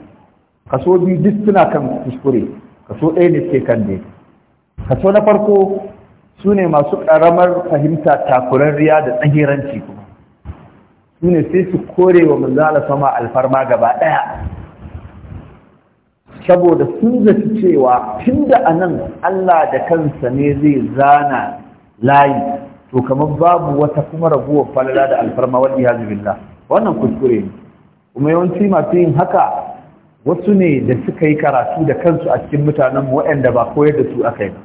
kaso biyu duk suna kan kuskure kaso ɗaya ne suke kan daidai kaso na farko su ne masu ƙaramar fahimta takurarriya da tsahiranci. kuma su ne sai su kore wa manzala sama alfarma gaba ɗaya saboda sun zaci cewa tun da a nan Allah da kansa ne zai zana layi to kamar babu wata kuma raguwar falala da alfarma wani ya billah wannan kuskure ne kuma yawanci masu yin haka wasu ne da suka yi karatu da kansu a cikin mutanen mu waɗanda ba koyar da su aka yi ba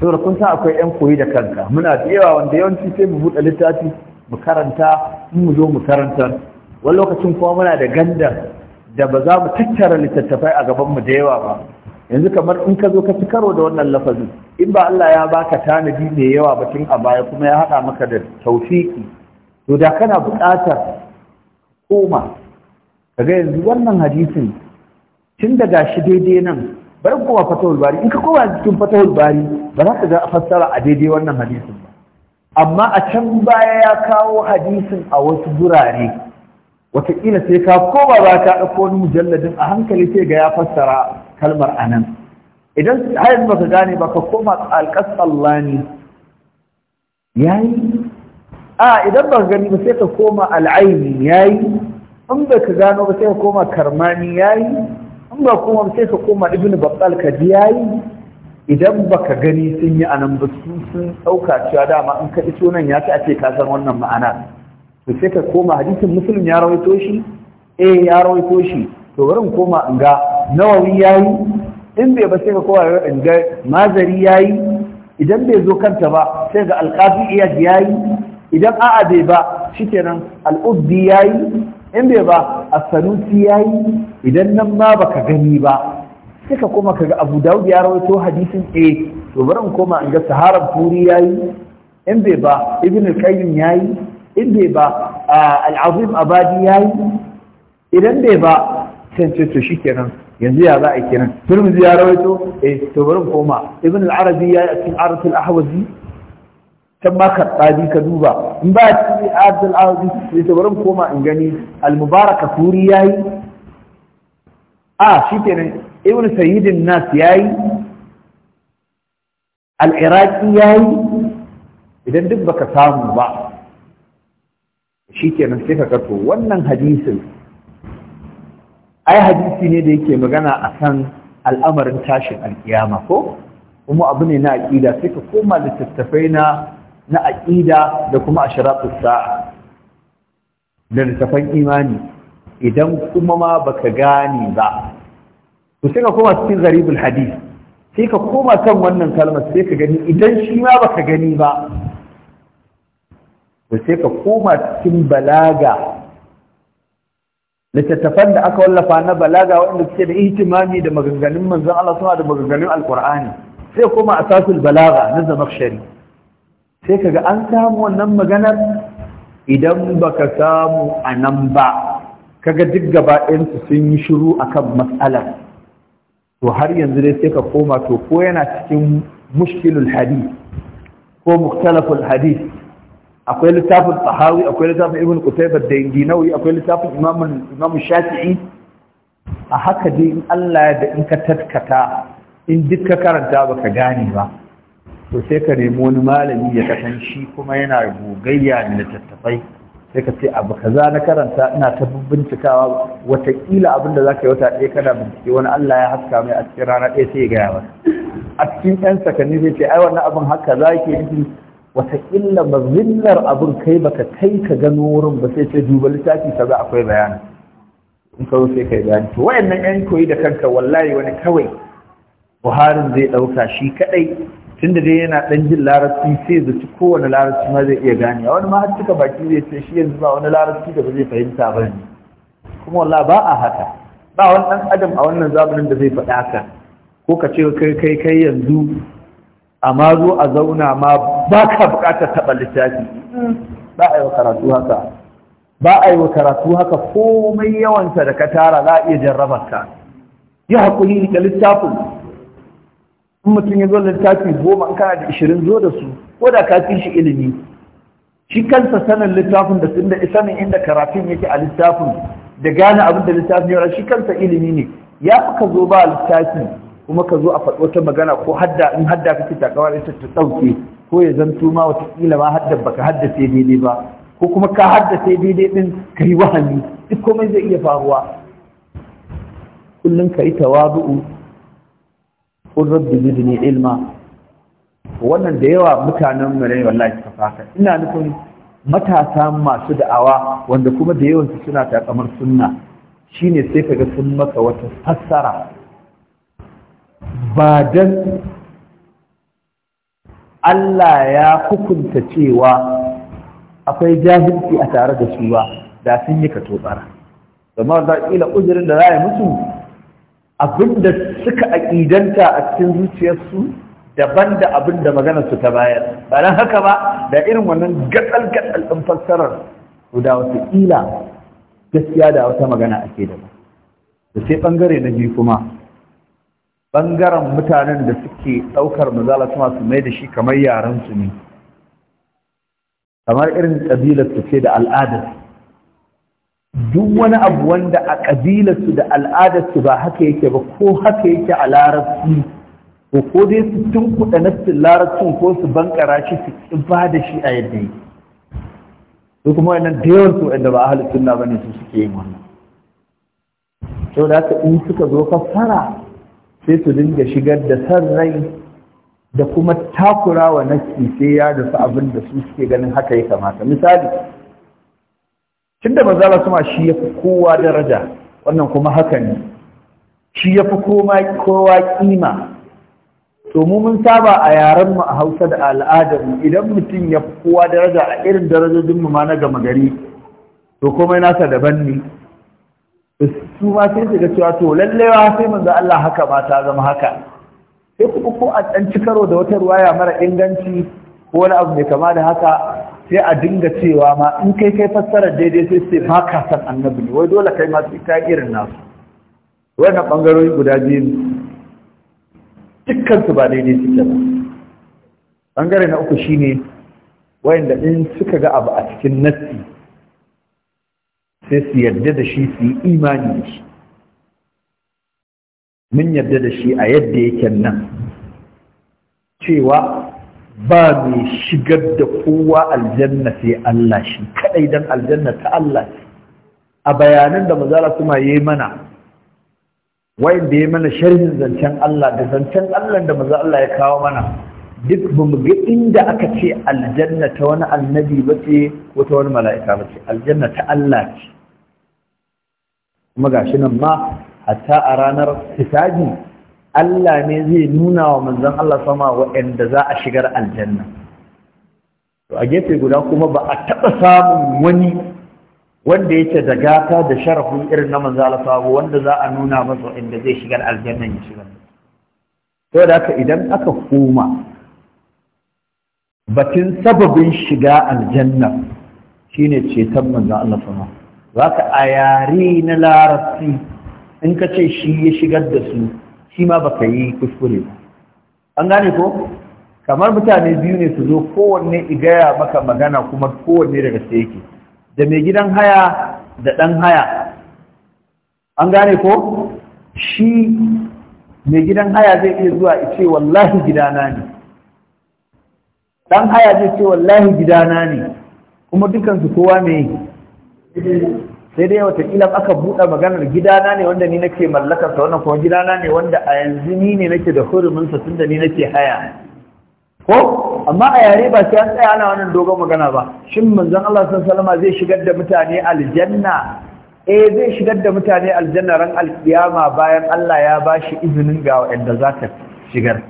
saboda kun san akwai yan koyi da kanka muna da yawa wanda yawanci sai mu buɗe littafi mu karanta in mu zo mu karanta wani lokacin kuma muna da ganda da ba za mu tattara littattafai a gaban mu da yawa ba yanzu kamar in ka zo ka ci karo da wannan lafazin in ba Allah ya baka tanadi mai yawa ba tun a baya kuma ya haɗa maka da taufiki to da kana buƙatar koma kaga yanzu wannan hadisin tun daga shi daidai nan bari koma fatahul bari in ka koma cikin fatahul bari ba za ka ga fassara a daidai wannan hadisin ba amma a can baya ya kawo hadisin a wasu gurare wataƙila sai ka koma ba ka ɗauko wani mujalladin a hankali sai ga ya fassara kalmar anan idan har yanzu baka gane ba ka koma alƙasallani yayi a idan ba gani ba sai ka koma al'aini yayi in ba ka gano ba sai ka koma karmani yayi in ba kuma sai ka koma ibnu babbal ka ji yayi idan ba ka gani sun yi anan ba su sun ɗauka cewa dama in ka iso nan ya ta ake kasar wannan ma'ana to sai ka koma hadisin musulun ya rawaito shi eh ya rawaito shi to bari koma in ga nawawi yayi in bai ba sai ka koma in ga mazari yayi idan bai zo kanta ba sai ga alqafi ya yayi idan a'a bai ba shikenan al ya yayi in bai ba a sanusi ya yi idan nan ma ba ka gani ba suka kuma kaga abu dawud ya rawaito hadisin a eh, to bari in koma in ga saharar turi ya yi in bai ba ibn al-qayyim ya yi in bai ba al-azim abadi ya yi idan bai ba can ce to shikenan yanzu ya za a kenan turmizi ya rawaito eh to bari in koma ibn al-arabi ya yi a cikin arasul ahwazi can ma karɓa ka duba in ba a cikin abdul sai ta bari koma in gani Almubaraka, mubaraka ya yi. a shi nan, ibn sayyidin nas yi. al-iraqi yayi idan duk baka samu ba shi nan sai ka kato wannan hadisin ai hadisi ne da yake magana akan al'amarin tashin alkiyama ko kuma abu ne na aƙida sai ka koma littattafai na na aƙida da kuma ashiratus sa'a da littafan imani idan kuma ma baka gani ba to sai ka koma cikin zaribul hadis, sai ka koma kan wannan kalmar sai ka gani idan shi ma baka gani ba to sai ka koma cikin balaga littattafan da aka wallafa na balaga waɗanda suke da ihtimami da maganganun manzon Allah suna da maganganun alqur'ani sai koma asasul balaga na zamakshari sai kaga an samu wannan maganar idan baka samu a nan ba kaga duk gaba ɗayansu sun yi shiru akan matsalar to har yanzu dai sai ka koma to ko yana cikin mushkilul hadith ko muktalaful hadith akwai littafin tsahawi akwai littafin ibn kutaibar da yanginawi akwai littafin imamun shafi'i a haka dai in allah ya da in ka tatkata in duk ka karanta baka gane ba to sai ka nemi wani malami ya kasan shi kuma yana gogayya da littattafai sai ka ce abu kaza na karanta ina ta bincikawa watakila abin da za ka yi wata ɗaya kana bincike wani Allah ya haska mai a cikin rana ɗaya sai ya gaya ba. a cikin ɗan sakanni zai ce ai wannan abin haka za ke watakila ba abin kai baka kai ka gano wurin ba sai ce duba littafi za akwai bayani in ka sai yi bayani to wayannan yan koyi da kanka wallahi wani kawai Buharin zai ɗauka shi kaɗai tun da dai yana ɗan jin larabci sai zaci kowane larabci ma zai iya gane wani ma har cika baki zai ce shi yanzu ba wani larabci da ba zai fahimta ba ne kuma walla ba a haka ba wani ɗan adam a wannan zamanin da zai faɗa haka ko ka ce kai kai kai yanzu amma zo a zauna ma ba ka buƙatar taɓa littafi ba a yi wa karatu haka ba a yi wa karatu haka komai yawansa da ka tara za a iya jarrabar ka yi haƙuri da littafin in mutum ya zo littafi goma in kana da ishirin zo da su ko da ka fi shi ilimi shi kansa sanin littafin da sun da sanin inda karatun yake a littafin da gane abin da littafin yawa shi kansa ilimi ne ya fi ka zo ba littafi kuma ka zo a faɗo ta magana ko hadda in hadda kake takawa ita ta ɗauke ko ya zanto ma watakila ma hadda baka haddace daidai ba ko kuma ka sai daidai ɗin ka yi wahani duk komai zai iya faruwa kullum ka yi tawadu'u qul rabbi zidni ilma wannan da yawa mutanen mu ne wallahi suka fata ina nufin matasa masu da'awa wanda kuma da yawansu suna takamar sunna shine sai kaga sun maka wata fassara ba dan Allah ya hukunta cewa akwai jahilci a tare da su ba da sun yi ka tobara. Zama da ila ujirin da za a yi musu da suka aƙidanta a cikin zuciyarsu daban da abin da su ta bayar ba don haka ba da irin wannan gatsal-gatsal ɗin fassarar da ila, gaskiya da wata magana ake da da sai ɓangare na biyu kuma ɓangaren mutanen da suke ɗaukar mazala kuma su mai da shi kamar yaransu ne kamar irin ƙabilar su ce da al'adar duk wani abu wanda a ƙabilarsu da al'adarsu ba haka yake ba ko haka yake a larabci ko ko dai su tun kuɗa su larabci ko su bankara shi su ba da shi a yadda yake su kuma wannan da yawan su wanda ba ahalin sunna bane su suke yin wannan sau da haka in suka zo fassara sai su dinga shigar da san rai da kuma takurawa na nassi da su abin da su suke ganin haka ya kamata misali tunda da Allah kuma shi yafi kowa daraja wannan kuma haka ne shi yafi kowa kowa kima to mu mun saba a yaren mu a Hausa da al'adar mu idan mutum yafi kowa daraja a irin darajojin mu ma na gama gari to komai nasa daban ne su ma sai su ga cewa to lallai sai manzo Allah haka ma ta zama haka sai kuma ko a dan ci karo da wata ruwaya mara inganci ko wani abu mai kama da haka sai a dinga cewa ma in kai kai fassarar daidai sai sai ba ka san annabi ne wai dole kai ma ita irin nasu na bangarori guda biyu dukkan su ba daidai suke ba bangare na uku shine wayanda in suka ga abu a cikin nassi sai su yarda da shi su yi imani da shi mun yarda da shi a yadda yake nan cewa ba mai shigar da kowa aljanna sai Allah shi kadai dan aljanna ta Allah a bayanan da mazala kuma yi mana wayanda yayi mana sharhin zancen Allah da zancen Allah da maza Allah ya kawo mana duk bamu ga inda aka ce aljanna ta wani annabi ba ce ko ta wani mala'ika ba ce aljanna ta Allah ce kuma gashi nan ma hatta a ranar hisabi Allah ne zai nuna wa manzon Allah sama waɗanda za a shigar aljanna to a gefe guda kuma ba a taɓa samun wani wanda yake da gata da sharafin irin na manzon Allah sama wanda za a nuna masa waɗanda zai shigar aljanna ya shigar to da haka idan aka koma batun sababin shiga aljanna shine ceton manzon Allah sama ka a yare na larabci in ka ce shi ya shigar da su shi ma baka yi kuskure ba an gane ko kamar mutane biyu ne su zo kowanne igaya maka magana kuma kowanne daga sai yake da mai gidan haya da ɗan haya an gane ko shi mai gidan haya zai iya zuwa ce wallahi gidana ne ɗan haya zai ce wallahi gidana ne kuma dukansu kowa ne sai dai watakila aka buɗe maganar gidana ne wanda ni nake mallakar sa wannan kuma gidana ne wanda a yanzu ni ne nake da hurumin sa tunda ni nake haya ko amma a yare ba sai an tsaya ana wannan dogon magana ba shin manzon Allah sallallahu alaihi wasallam zai shigar da mutane aljanna eh zai shigar da mutane aljanna ran alkiyama bayan Allah ya bashi izinin ga wanda za ta shigar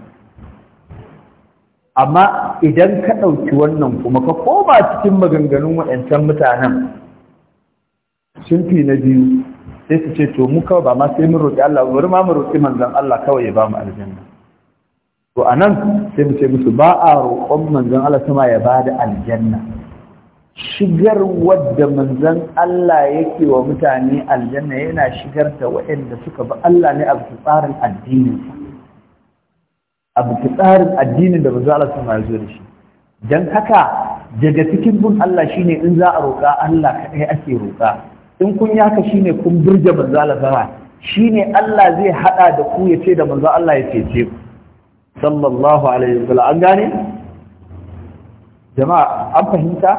amma idan ka ɗauki wannan kuma ka koma cikin maganganun waɗancan mutanen shimfi na biyu sai su ce to mu kawai ba ma sai mun roƙi Allah bari ma mu roƙi manzon Allah kawai ya ba mu aljanna to anan sai mu ce musu ba a roƙon manzon Allah sama ya ba da aljanna shigar wadda manzon Allah yake wa mutane aljanna yana shigar da waɗanda suka bi Allah ne a tsarin addinin a tsarin addinin da manzon Allah sama ya zo da shi dan haka daga cikin bin Allah shine in za a roƙa Allah kaɗai ake roƙa in kun yaka shi ne kun burge manzo Allah shi shine Allah zai hada da ku ya ce da manzo Allah ya cece ku sallallahu alaihi wasallam an gane jama'a an fahimta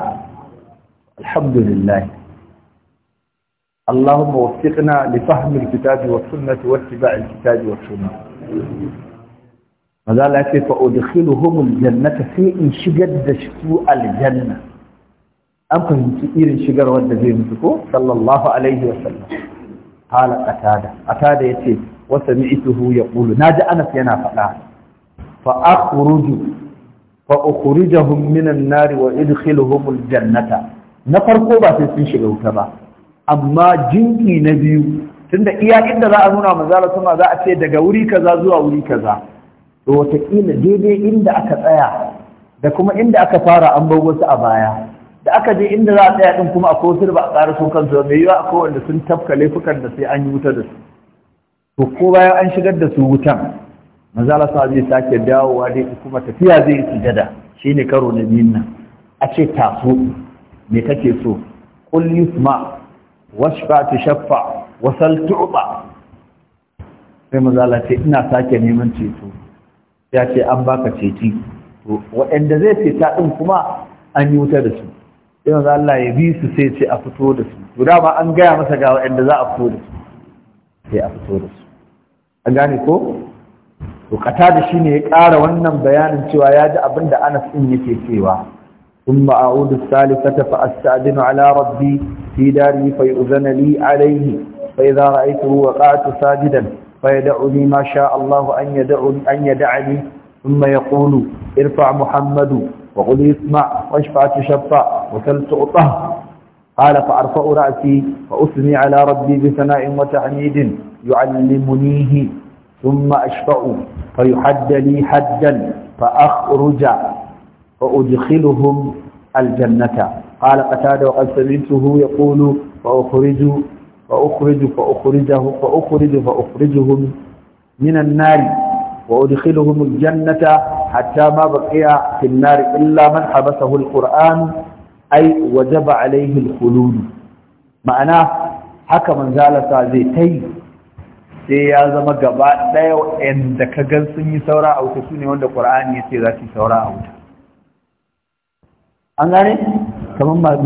alhamdulillah اللهم وفقنا لفهم الكتاب والسنة واتباع الكتاب والسنة ماذا لا يتفع أدخلهم الجنة في إن شجد شسوء الجنة an fahimci irin shigarwar da zai mutu ko sallallahu alaihi wa sallam hala qatada qatada yace wa sami'tuhu yaqulu naji anas yana faɗa fa akhruju fa ukhrijahum minan wa idkhiluhum aljannata na farko ba sai sun shiga wuta ba amma jinki na biyu tunda iya inda za a nuna manzala sama za a ce daga wuri kaza zuwa wuri kaza to wataƙila daidai inda aka tsaya da kuma inda aka fara an bar wasu a baya da aka je inda za a tsaya din kuma a wasu ba a ƙara kansa kansu mai yiwa a kowanne sun tafka laifukan da sai an yi wuta da su to ko bayan an shigar da su wutan manzala sa zai sake dawowa dai kuma tafiya zai yi Shi ne karo na biyun nan a ce taso me kake so kul yusma washfa tushaffa wasal tu'ba sai manzala ce ina sake neman ceto ya ce an baka ceti. to waɗanda zai fita din kuma an yi wuta da su ina za Allah ya bisu su sai ce a fito da su guda ba an gaya masa ga wa'anda za a fito da su sai a fito da su a gane ko bukata da shi ne ya kara wannan bayanin cewa ya ji abin da anas ɗin yake cewa in A'udu salisa ta fa astadinu ala rabbi fi dari fa li alaihi fa idza ra'aytu wa qatu sajidan fa yad'u Allahu, ma sha Allah an yad'u an Muhammadu. وقل يسمع واشفع تشفع وكل تعطه قال فأرفع رأسي فأثني على ربي بثناء وتحميد يعلمنيه ثم أشفع فيحد لي حدا فأخرج فأدخلهم الجنة قال قتادة وقد سمعته يقول فأخرج فأخرج فأخرجه فأخرج فأخرجهم من النار وأدخلهم الجنة حتى ما بقي في النار إلا من حبسه القرآن أي وجب عليه الخلود معناه haka manzalasa zai ta yi sai ya zama gaba ɗaya waɗanda ka gan sun yi saura a wuta su ne wanda ƙur'ani ya ce za su yi saura a wuta an gane kamar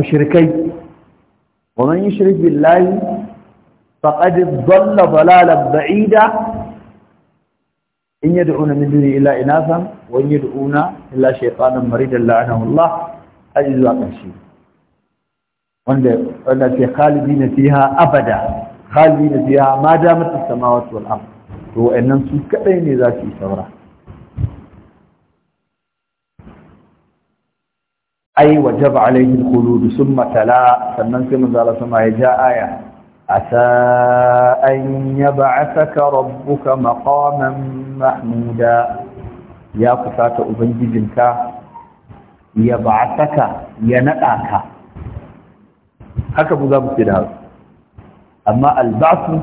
wa billahi faqad dhalla ba'ida in yad'una min duni illa inasan wa in yad'una illa shaytanan maridan la'anahu Allah yi zuwa ƙarshe wanda wanda ke khalidina fiha abada na fiha ma damat as-samawati wal ard to wa'annan su kadai ne za su yi saura ai wajaba alaihi al sun thumma tala sannan sai manzo Allah sama ya ja aya عسى أن يبعثك ربك مقاما محمودا يا قفاة أبنجدك يبعثك ينقعك haka buga muke da hau amma albasu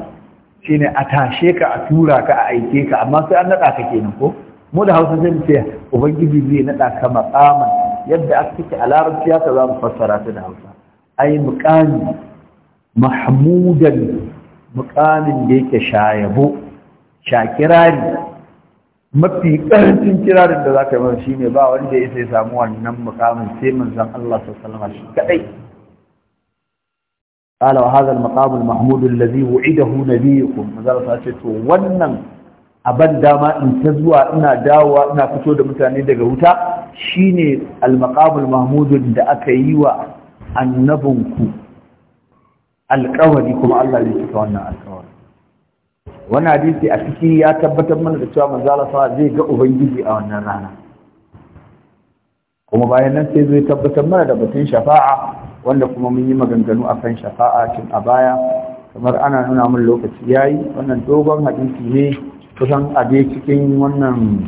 shi ne a tashe ka a tura ka a aike ka amma sai an naɗa ka kenan ko mu da hausa sai mu ce ubangiji zai naɗa ka maƙaman yadda aka take siyasa larabci za mu fassara ta da hausa ai muƙami mahmudan mukamin da yake shayabo shakirari mafi ƙarfin kirarin da za ka yi shi ne ba wanda ya sai samu wannan mukamin sai manzan Allah sallama shi kaɗai قال وهذا المقام المحمود الذي وعده نبيكم مازال to wannan aban dama in ta zuwa ina dawowa ina fito da mutane daga wuta shine al-maqamul mahmud da aka yi wa annabinku alƙawari kuma Allah zai cika wannan alƙawari wannan hadisi a ciki ya tabbatar mana da cewa manzo Allah zai ga ubangiji a wannan rana kuma bayan nan sai zai tabbatar mana da batun shafa'a wanda kuma mun yi maganganu akan shafa'a tun a baya kamar ana nuna mun lokaci yayi wannan dogon hadisi ne kusan a cikin wannan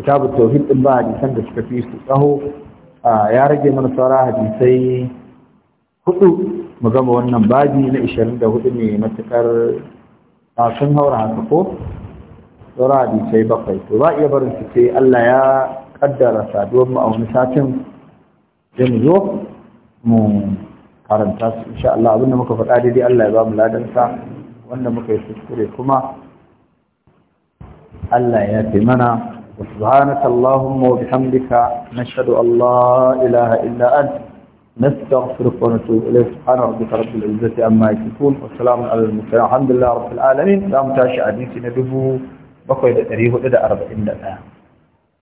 kitabu tauhid din ba hadisan da suka fi su tsaho ah, ya rage mana sauran hadisai hudu mu gama wannan babi na 24 ne matukar sun haura haka ko tsora da sai bakwai to za iya barin su sai Allah ya kaddara saduwar mu a wani satin zai mu zo mu karanta su insha Allah abinda muka faɗa daidai Allah ya ba mu ladansa wanda muka yi kuskure kuma Allah ya fi mana wa subhanaka Allahumma wa bihamdika nashhadu an ilaha illa anta نستغفرك ونتوب إليك سبحان ربك رب العزة عما يصفون والسلام على المرسلين الحمد لله رب العالمين لا متاشي حديثنا دبو بقية تاريخ إذا أربعين دقيقة